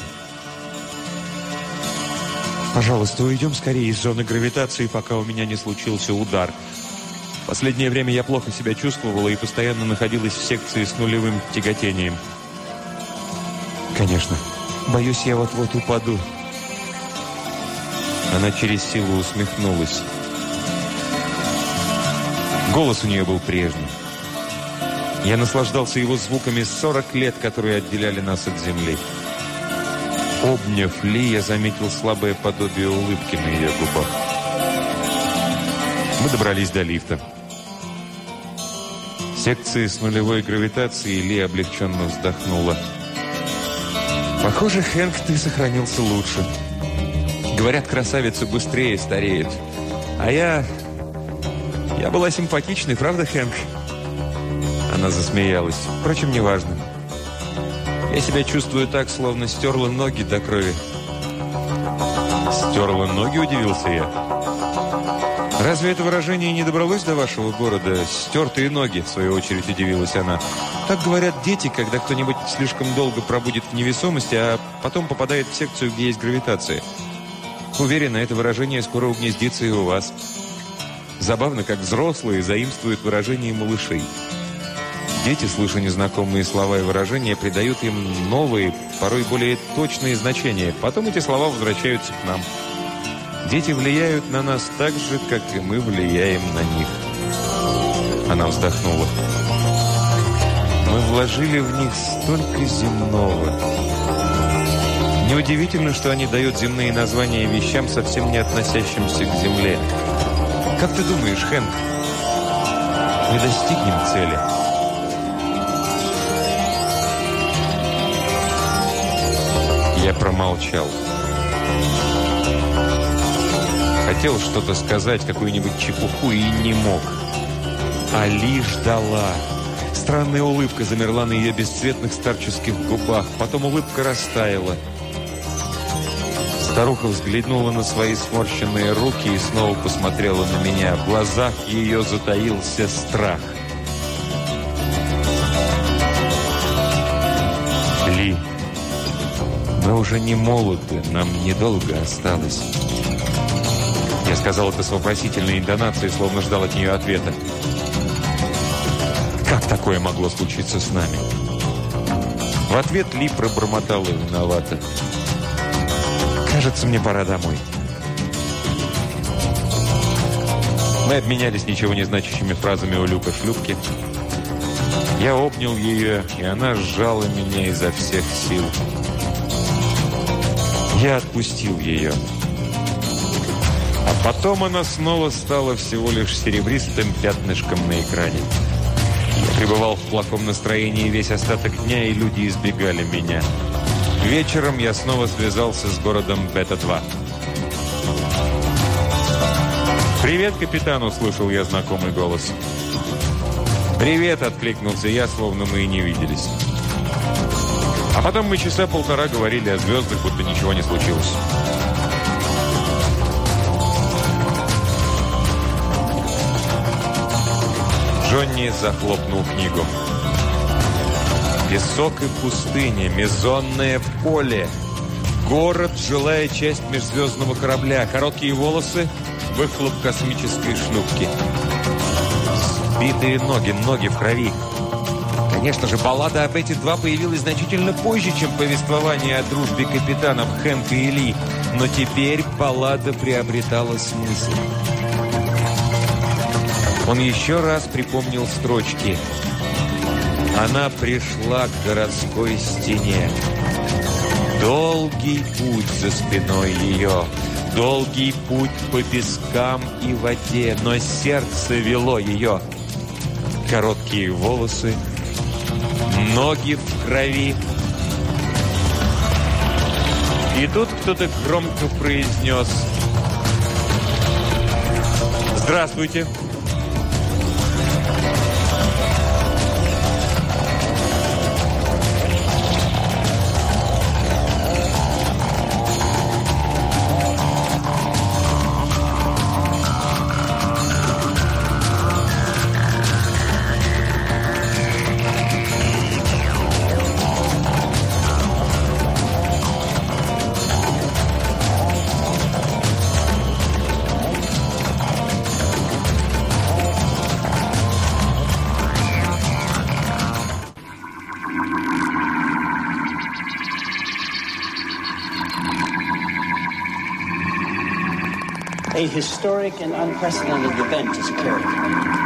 «Пожалуйста, уйдем скорее из зоны гравитации, пока у меня не случился удар». Последнее время я плохо себя чувствовала и постоянно находилась в секции с нулевым тяготением. «Конечно», Боюсь, я вот-вот упаду. Она через силу усмехнулась. Голос у нее был прежний. Я наслаждался его звуками 40 лет, которые отделяли нас от земли. Обняв Ли, я заметил слабое подобие улыбки на ее губах. Мы добрались до лифта. В секции с нулевой гравитацией Ли облегченно вздохнула. Похоже, Хэнк, ты сохранился лучше. Говорят, красавицы быстрее стареют. А я... Я была симпатичной, правда, Хэнк? Она засмеялась. Впрочем, неважно. Я себя чувствую так, словно стерла ноги до крови. Стерла ноги, удивился я. Разве это выражение не добралось до вашего города? Стертые ноги, в свою очередь, удивилась она. Так говорят дети, когда кто-нибудь слишком долго пробудет в невесомости, а потом попадает в секцию, где есть гравитация. Уверена, это выражение скоро угнездится и у вас. Забавно, как взрослые заимствуют выражение малышей. Дети, слыша незнакомые слова и выражения, придают им новые, порой более точные значения. Потом эти слова возвращаются к нам. Дети влияют на нас так же, как и мы влияем на них. Она вздохнула. Мы вложили в них столько земного. Неудивительно, что они дают земные названия вещам, совсем не относящимся к земле. Как ты думаешь, Хэнк, мы достигнем цели? Я промолчал. Хотел что-то сказать, какую-нибудь чепуху, и не мог. Али ждала. Странная улыбка замерла на ее бесцветных старческих губах. Потом улыбка растаяла. Старуха взглянула на свои сморщенные руки и снова посмотрела на меня. В глазах ее затаился страх. Ли, мы уже не молоды, нам недолго осталось. Я сказал это с вопросительной интонацией, словно ждал от нее ответа такое могло случиться с нами. В ответ Ли пробормотала виновато. «Кажется, мне пора домой». Мы обменялись ничего не значащими фразами у Люка шлюпки. Я обнял ее, и она сжала меня изо всех сил. Я отпустил ее. А потом она снова стала всего лишь серебристым пятнышком на экране пребывал в плохом настроении весь остаток дня, и люди избегали меня. Вечером я снова связался с городом Бета-2. «Привет, капитан!» – услышал я знакомый голос. «Привет!» – откликнулся я, словно мы и не виделись. А потом мы часа полтора говорили о звездах, будто ничего не случилось. Джонни захлопнул книгу. Песок и пустыня, мезонное поле. Город, жилая часть межзвездного корабля, короткие волосы, выхлоп космической шлюпки, Сбитые ноги, ноги в крови. Конечно же, баллада об эти два появилась значительно позже, чем повествование о дружбе капитанов Хэнка и Ли. Но теперь баллада приобретала смысл. Он еще раз припомнил строчки. Она пришла к городской стене. Долгий путь за спиной ее, долгий путь по пескам и воде, но сердце вело ее. Короткие волосы, ноги в крови. И тут кто-то громко произнес «Здравствуйте!» historic and unprecedented event has occurred.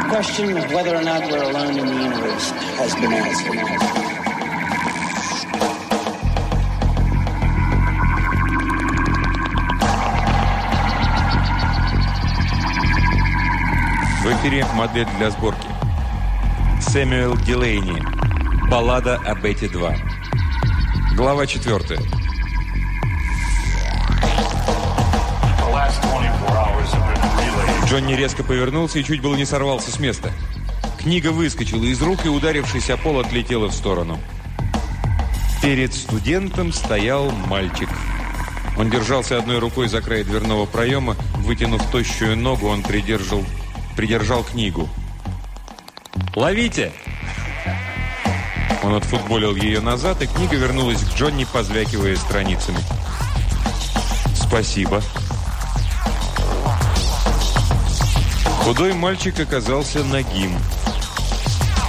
The question of whether or not we're alone in the universe has been asked. В эфире «Модель для сборки». Сэмюэл Дилейни. Баллада о Бетти 2. Глава 4. Джонни резко повернулся и чуть было не сорвался с места. Книга выскочила из рук и, ударившись о пол, отлетела в сторону. Перед студентом стоял мальчик. Он держался одной рукой за край дверного проема. Вытянув тощую ногу, он придержал, придержал книгу. «Ловите!» Он отфутболил ее назад, и книга вернулась к Джонни, позвякивая страницами. «Спасибо», Худой мальчик оказался нагим.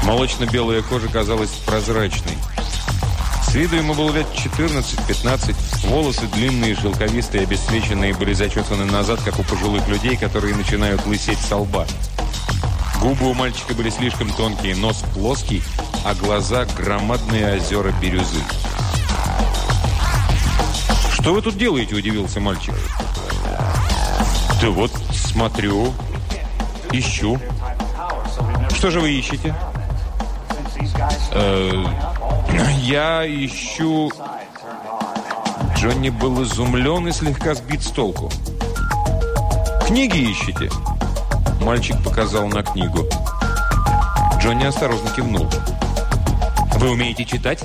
Молочно-белая кожа казалась прозрачной. С виду ему было лет 14-15. Волосы длинные, шелковистые, обесцвеченные, были зачесаны назад, как у пожилых людей, которые начинают лысеть со лба. Губы у мальчика были слишком тонкие, нос плоский, а глаза – громадные озера бирюзы. «Что вы тут делаете?» – удивился мальчик. «Да вот смотрю», Ищу. Что же вы ищете? Э, я ищу... Джонни был изумлен и слегка сбит с толку. «Книги ищете?» Мальчик показал на книгу. Джонни осторожно кивнул. «Вы умеете читать?»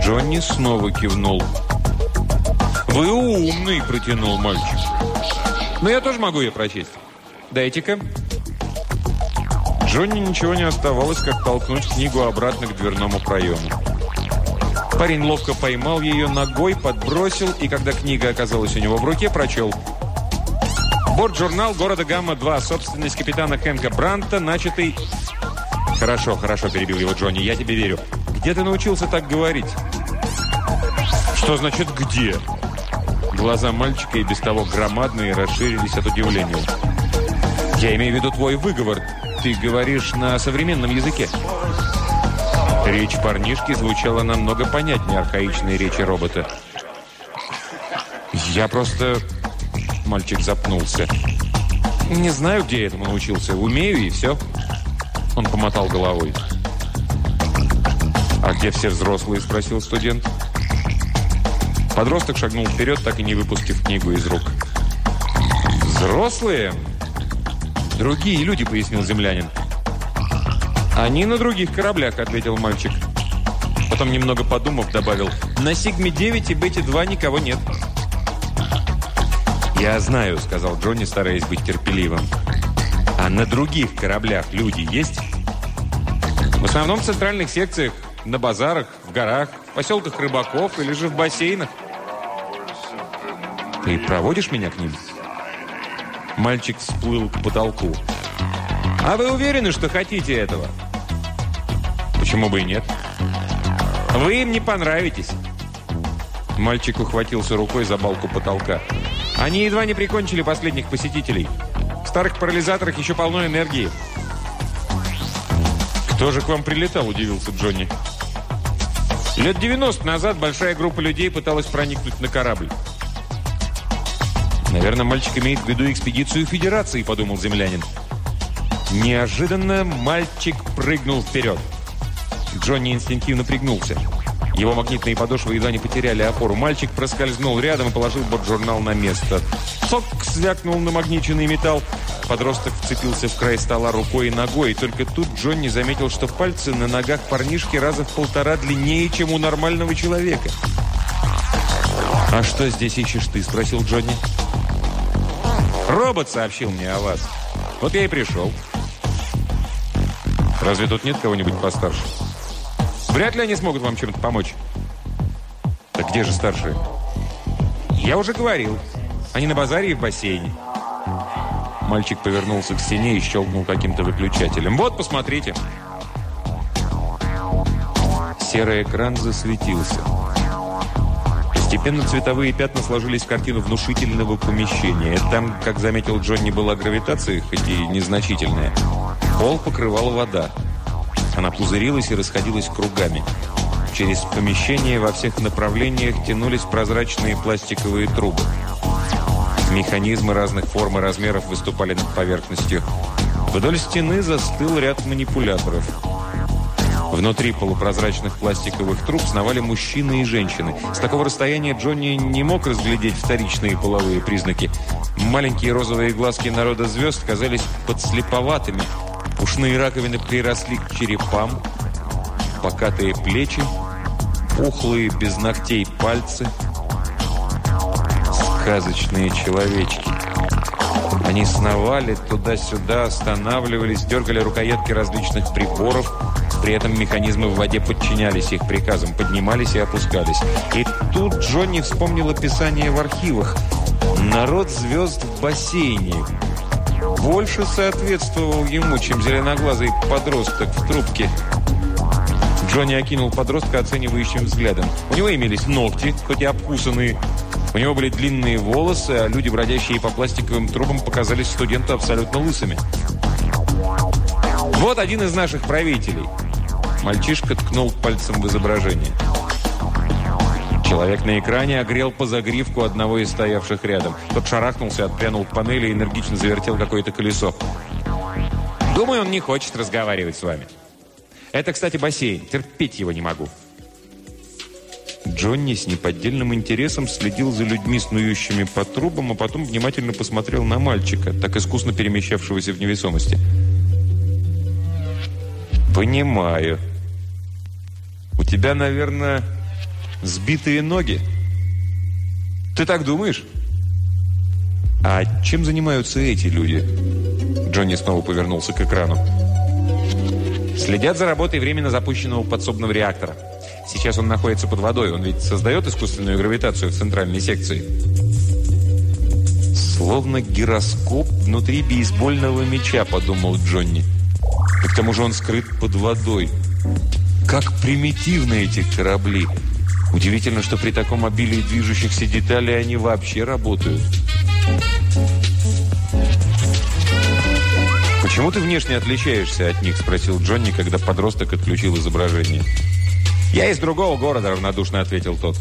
Джонни снова кивнул. «Вы умный!» – протянул мальчик. «Но я тоже могу ее прочесть». Дайте-ка». Джонни ничего не оставалось, как толкнуть книгу обратно к дверному проему. Парень ловко поймал ее ногой, подбросил, и когда книга оказалась у него в руке, прочел. Борт-журнал города Гамма-2, собственность капитана Хэнка Бранта, начатый... Хорошо, хорошо, перебил его Джонни, я тебе верю. Где ты научился так говорить? Что значит «где»? Глаза мальчика и без того громадные расширились от удивления. Я имею в виду твой выговор. Ты говоришь на современном языке. Речь парнишки звучала намного понятнее архаичной речи робота. Я просто... Мальчик запнулся. Не знаю, где я этому научился. Умею и все. Он помотал головой. «А где все взрослые?» – спросил студент. Подросток шагнул вперед, так и не выпустив книгу из рук. «Взрослые?» «Другие люди», — пояснил землянин. «Они на других кораблях», — ответил мальчик. Потом, немного подумав, добавил, «На Сигме-9 и Бете-2 никого нет». «Я знаю», — сказал Джонни, стараясь быть терпеливым. «А на других кораблях люди есть?» «В основном в центральных секциях, на базарах, в горах, в поселках рыбаков или же в бассейнах». «Ты проводишь меня к ним?» Мальчик всплыл к потолку. «А вы уверены, что хотите этого?» «Почему бы и нет?» «Вы им не понравитесь». Мальчик ухватился рукой за балку потолка. «Они едва не прикончили последних посетителей. В старых парализаторах еще полно энергии». «Кто же к вам прилетал?» – удивился Джонни. Лет 90 назад большая группа людей пыталась проникнуть на корабль. «Наверное, мальчик имеет в виду экспедицию Федерации», – подумал землянин. Неожиданно мальчик прыгнул вперед. Джонни инстинктивно пригнулся. Его магнитные подошвы едва не потеряли опору. Мальчик проскользнул рядом и положил бортжурнал на место. Сок звякнул на магниченный металл. Подросток вцепился в край стола рукой и ногой. И только тут Джонни заметил, что пальцы на ногах парнишки раза в полтора длиннее, чем у нормального человека. «А что здесь ищешь ты?» – спросил Джонни. Робот сообщил мне о вас. Вот я и пришел. Разве тут нет кого-нибудь постарше? Вряд ли они смогут вам чем-то помочь. Так где же старшие? Я уже говорил. Они на базаре и в бассейне. Мальчик повернулся к стене и щелкнул каким-то выключателем. «Вот, посмотрите!» Серый экран засветился. Постепенно цветовые пятна сложились в картину внушительного помещения. Там, как заметил Джонни, была гравитация, хоть и незначительная. Пол покрывала вода. Она пузырилась и расходилась кругами. Через помещение во всех направлениях тянулись прозрачные пластиковые трубы. Механизмы разных форм и размеров выступали над поверхностью. Вдоль стены застыл ряд манипуляторов – Внутри полупрозрачных пластиковых труб сновали мужчины и женщины. С такого расстояния Джонни не мог разглядеть вторичные половые признаки. Маленькие розовые глазки народа звезд казались подслеповатыми. Ушные раковины приросли к черепам, покатые плечи, пухлые без ногтей пальцы. Сказочные человечки. Они сновали туда-сюда, останавливались, дергали рукоятки различных приборов – при этом механизмы в воде подчинялись их приказам, поднимались и опускались. И тут Джонни вспомнил описание в архивах. «Народ звезд в бассейне». Больше соответствовал ему, чем зеленоглазый подросток в трубке. Джонни окинул подростка оценивающим взглядом. У него имелись ногти, хоть и обкусанные. У него были длинные волосы, а люди, бродящие по пластиковым трубам, показались студенту абсолютно лысыми. «Вот один из наших правителей. Мальчишка ткнул пальцем в изображение. Человек на экране огрел по загривку одного из стоявших рядом. Тот шарахнулся, отпрянул к панели и энергично завертел какое-то колесо. «Думаю, он не хочет разговаривать с вами. Это, кстати, бассейн. Терпеть его не могу». Джонни с неподдельным интересом следил за людьми, снующими по трубам, а потом внимательно посмотрел на мальчика, так искусно перемещавшегося в невесомости. «Понимаю», у тебя, наверное, сбитые ноги. Ты так думаешь? А чем занимаются эти люди? Джонни снова повернулся к экрану. Следят за работой временно запущенного подсобного реактора. Сейчас он находится под водой, он ведь создает искусственную гравитацию в центральной секции. Словно гироскоп внутри бейсбольного мяча, подумал Джонни. И к тому же он скрыт под водой. Как примитивны эти корабли! Удивительно, что при таком обилии движущихся деталей они вообще работают. «Почему ты внешне отличаешься от них?» – спросил Джонни, когда подросток отключил изображение. «Я из другого города», – равнодушно ответил тот.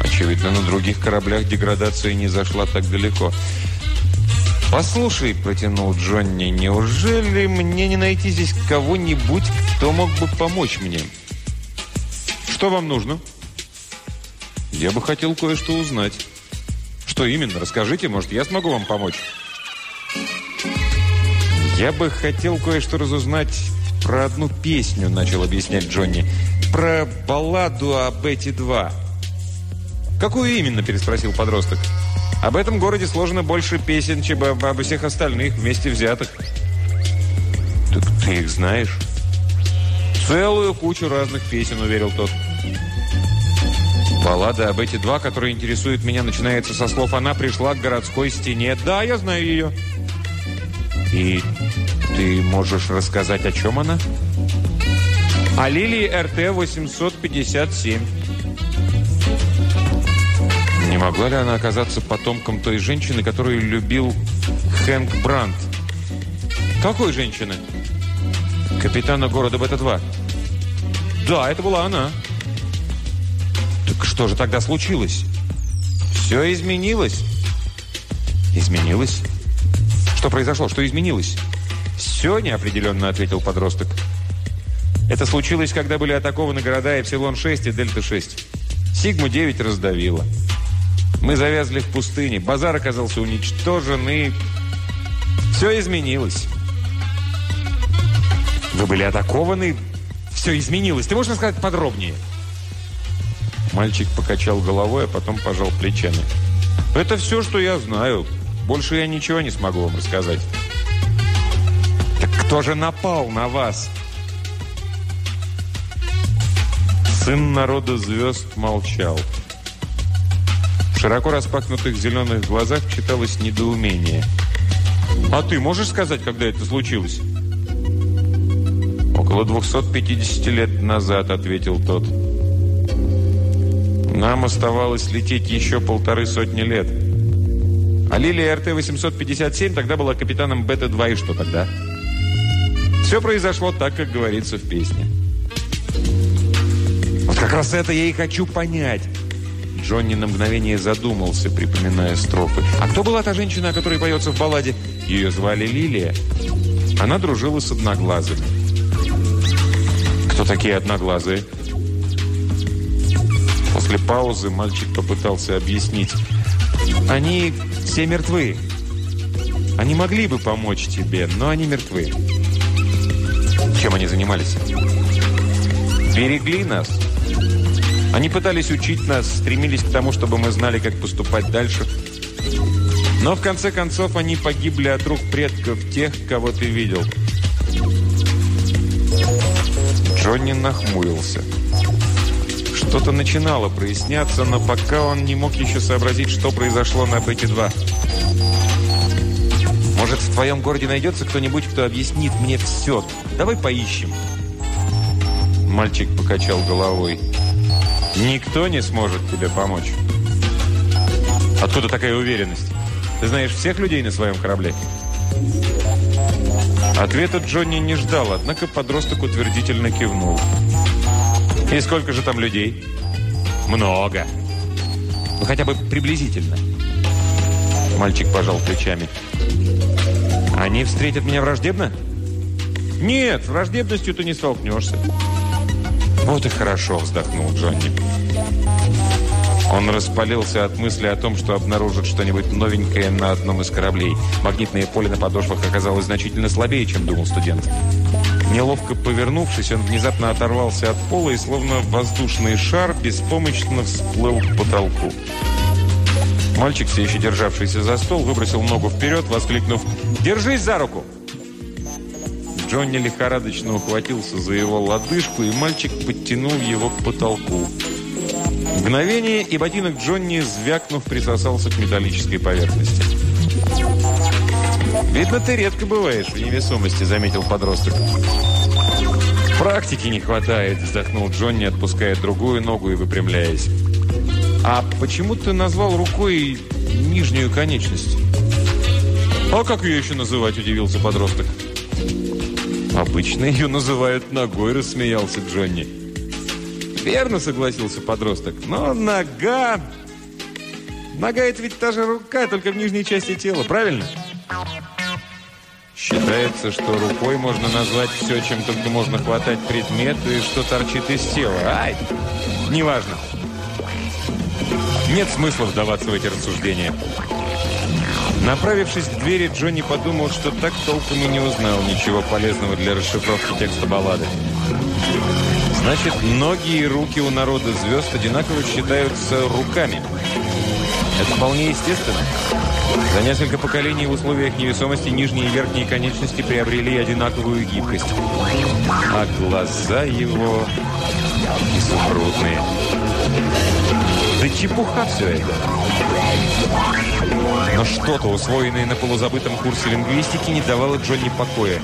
Очевидно, на других кораблях деградация не зашла так далеко. «Послушай», — протянул Джонни, — «неужели мне не найти здесь кого-нибудь, кто мог бы помочь мне?» «Что вам нужно?» «Я бы хотел кое-что узнать». «Что именно? Расскажите, может, я смогу вам помочь?» «Я бы хотел кое-что разузнать про одну песню», — начал объяснять Джонни. «Про балладу об эти два». «Какую именно?» – переспросил подросток. «Подросток». Об этом городе сложено больше песен, чем об, обо всех остальных вместе взятых. Так ты их знаешь? Целую кучу разных песен, уверил тот. Баллада об эти два, которые интересуют меня, начинается со слов «Она пришла к городской стене». Да, я знаю ее. И ты можешь рассказать, о чем она? О Лилии РТ-857. Не могла ли она оказаться потомком той женщины, которую любил Хэнк Брандт? Какой женщины? Капитана города БТ-2. Да, это была она. Так что же тогда случилось? Все изменилось. Изменилось? Что произошло? Что изменилось? Все неопределенно, ответил подросток. Это случилось, когда были атакованы города Эпсилон-6 и Дельта-6. Сигму-9 раздавила. Мы завязли в пустыне, базар оказался уничтожен, и... Все изменилось. Вы были атакованы, все изменилось. Ты можешь рассказать подробнее? Мальчик покачал головой, а потом пожал плечами. Это все, что я знаю. Больше я ничего не смогу вам рассказать. Так кто же напал на вас? Сын народа звезд молчал широко распахнутых зеленых глазах читалось недоумение. «А ты можешь сказать, когда это случилось?» «Около 250 лет назад», — ответил тот. «Нам оставалось лететь еще полторы сотни лет. А Лилия РТ-857 тогда была капитаном Бета-2, и что тогда?» «Все произошло так, как говорится в песне». «Вот как раз это я и хочу понять». Джонни на мгновение задумался, припоминая строфы. «А кто была та женщина, о которой поется в балладе?» «Ее звали Лилия. Она дружила с Одноглазым». «Кто такие Одноглазые?» После паузы мальчик попытался объяснить. «Они все мертвы. Они могли бы помочь тебе, но они мертвы». «Чем они занимались?» «Берегли нас». Они пытались учить нас, стремились к тому, чтобы мы знали, как поступать дальше. Но в конце концов они погибли от рук предков тех, кого ты видел. Джонни нахмурился. Что-то начинало проясняться, но пока он не мог еще сообразить, что произошло на Бэке-2. «Может, в твоем городе найдется кто-нибудь, кто объяснит мне все? Давай поищем». Мальчик покачал головой. Никто не сможет тебе помочь. Откуда такая уверенность? Ты знаешь всех людей на своем корабле? Ответа Джонни не ждал, однако подросток утвердительно кивнул. «И сколько же там людей?» «Много!» «Ну, хотя бы приблизительно!» Мальчик пожал плечами. «Они встретят меня враждебно?» «Нет, враждебностью ты не столкнешься. «Вот и хорошо», – вздохнул Джонни. Он распалился от мысли о том, что обнаружит что-нибудь новенькое на одном из кораблей. Магнитное поле на подошвах оказалось значительно слабее, чем думал студент. Неловко повернувшись, он внезапно оторвался от пола и, словно воздушный шар, беспомощно всплыл к потолку. Мальчик, все еще державшийся за стол, выбросил ногу вперед, воскликнув «Держись за руку!» Джонни лихорадочно ухватился за его лодыжку, и мальчик подтянул его к потолку. Мгновение, и ботинок Джонни, звякнув, присосался к металлической поверхности. «Видно, ты редко бываешь в невесомости», — заметил подросток. «Практики не хватает», — вздохнул Джонни, отпуская другую ногу и выпрямляясь. «А почему ты назвал рукой нижнюю конечность?» «А как ее еще называть?» – удивился подросток. «Обычно ее называют ногой», – рассмеялся Джонни. «Верно», – согласился подросток, – «но нога...» «Нога – это ведь та же рука, только в нижней части тела, правильно?» Считается, что рукой можно назвать все, чем только можно хватать предметы, и что торчит из тела. Ай, неважно. Нет смысла вдаваться в эти рассуждения. Направившись к двери, Джонни подумал, что так толком и не узнал ничего полезного для расшифровки текста баллады. Значит, ноги и руки у народа звезд одинаково считаются руками. Это вполне естественно. За несколько поколений в условиях невесомости нижние и верхние конечности приобрели одинаковую гибкость. А глаза его изумрудные. Да чепуха все это. Но что-то, усвоенное на полузабытом курсе лингвистики, не давало Джонни покоя.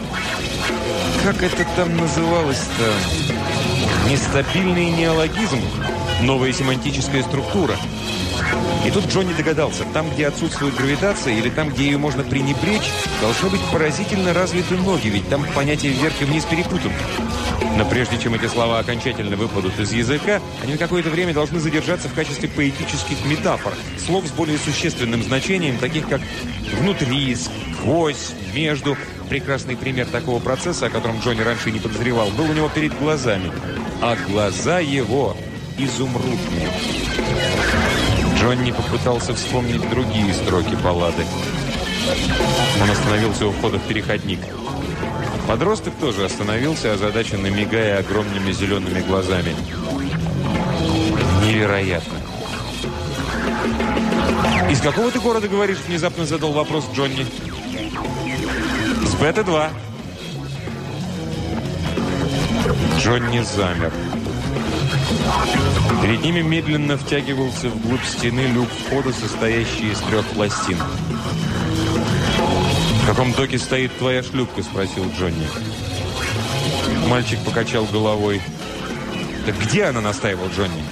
Как это там называлось-то? Нестабильный неологизм. Новая семантическая структура. И тут Джонни догадался, там, где отсутствует гравитация, или там, где ее можно пренебречь, должны быть поразительно развиты ноги, ведь там понятие вверх и вниз перепутаны. Но прежде чем эти слова окончательно выпадут из языка, они на какое-то время должны задержаться в качестве поэтических метафор, слов с более существенным значением, таких как «внутри», «сквозь», «между». Прекрасный пример такого процесса, о котором Джонни раньше не подозревал, был у него перед глазами. А глаза его изумрудные. Джонни попытался вспомнить другие строки баллады. Он остановился у входа в переходник. Подросток тоже остановился, озадаченно мигая огромными зелеными глазами. Невероятно. «Из какого ты города, говоришь?» – внезапно задал вопрос Джонни. «С Бета-2». Джонни замер. Перед ними медленно втягивался вглубь стены люк входа, состоящий из трех пластин. «В каком доке стоит твоя шлюпка?» – спросил Джонни. Мальчик покачал головой. «Так где она?» – настаивал Джонни.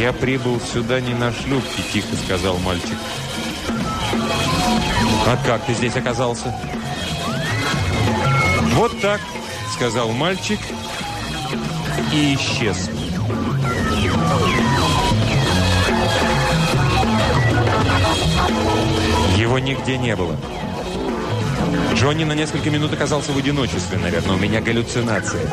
«Я прибыл сюда не на шлюпке», – тихо сказал мальчик. «А как ты здесь оказался?» «Вот так», – сказал мальчик – и исчез. Его нигде не было. Джонни на несколько минут оказался в одиночестве. Наверное, у меня галлюцинация.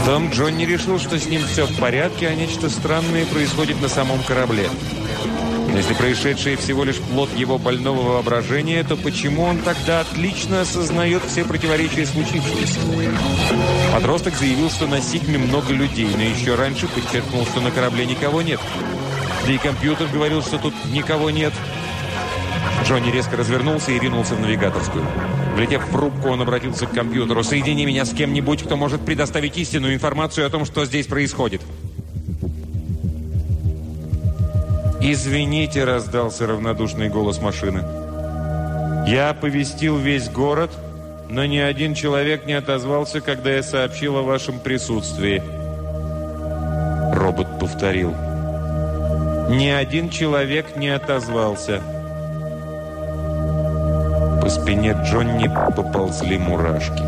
Потом Джонни решил, что с ним все в порядке, а нечто странное происходит на самом корабле если происшедшее всего лишь плод его больного воображения, то почему он тогда отлично осознает все противоречия случившегося? Подросток заявил, что на Сигме много людей, но еще раньше подчеркнул, что на корабле никого нет. Да и компьютер говорил, что тут никого нет. Джонни резко развернулся и ринулся в навигаторскую. Влетев в рубку, он обратился к компьютеру. «Соедини меня с кем-нибудь, кто может предоставить истинную информацию о том, что здесь происходит». «Извините», — раздался равнодушный голос машины. «Я оповестил весь город, но ни один человек не отозвался, когда я сообщил о вашем присутствии». Робот повторил. «Ни один человек не отозвался». По спине Джонни поползли мурашки.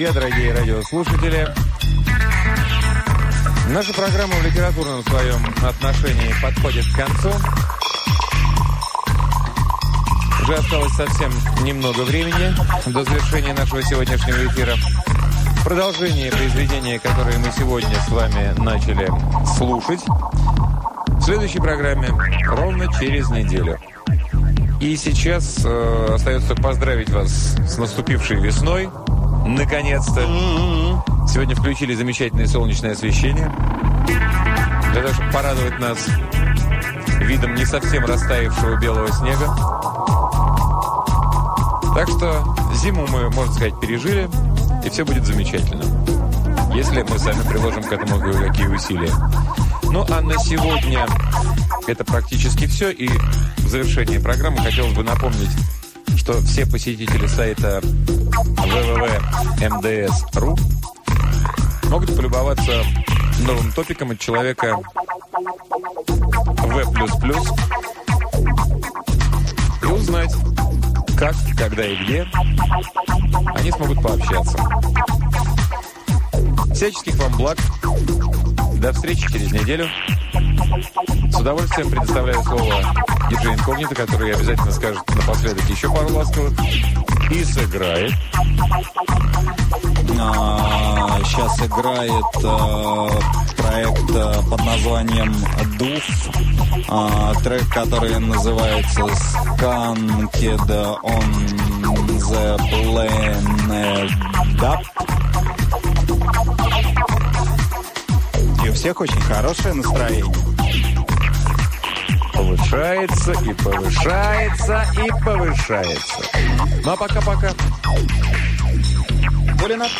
друзья, дорогие радиослушатели! Наша программа в литературном своем отношении подходит к концу. Уже осталось совсем немного времени до завершения нашего сегодняшнего эфира. Продолжение произведения, которое мы сегодня с вами начали слушать, в следующей программе ровно через неделю. И сейчас э, остается поздравить вас с наступившей весной – Наконец-то. Сегодня включили замечательное солнечное освещение. Для того, чтобы порадовать нас видом не совсем растаявшего белого снега. Так что зиму мы, можно сказать, пережили, и все будет замечательно. Если мы сами приложим к этому какие усилия. Ну а на сегодня это практически все. И в завершении программы хотелось бы напомнить, что все посетители сайта www.mds.ru могут полюбоваться новым топиком от человека В++, и узнать, как, когда и где они смогут пообщаться. Всяческих вам благ. До встречи через неделю. С удовольствием предоставляю слово диджей инкогнито, который обязательно скажет напоследок еще пару ласковых и сыграет сейчас а, играет а, проект а, под названием Дуф, трек, который называется Skunked on the Planet И у всех очень хорошее настроение. Повышается и повышается и повышается. Ну а пока-пока. Болинов.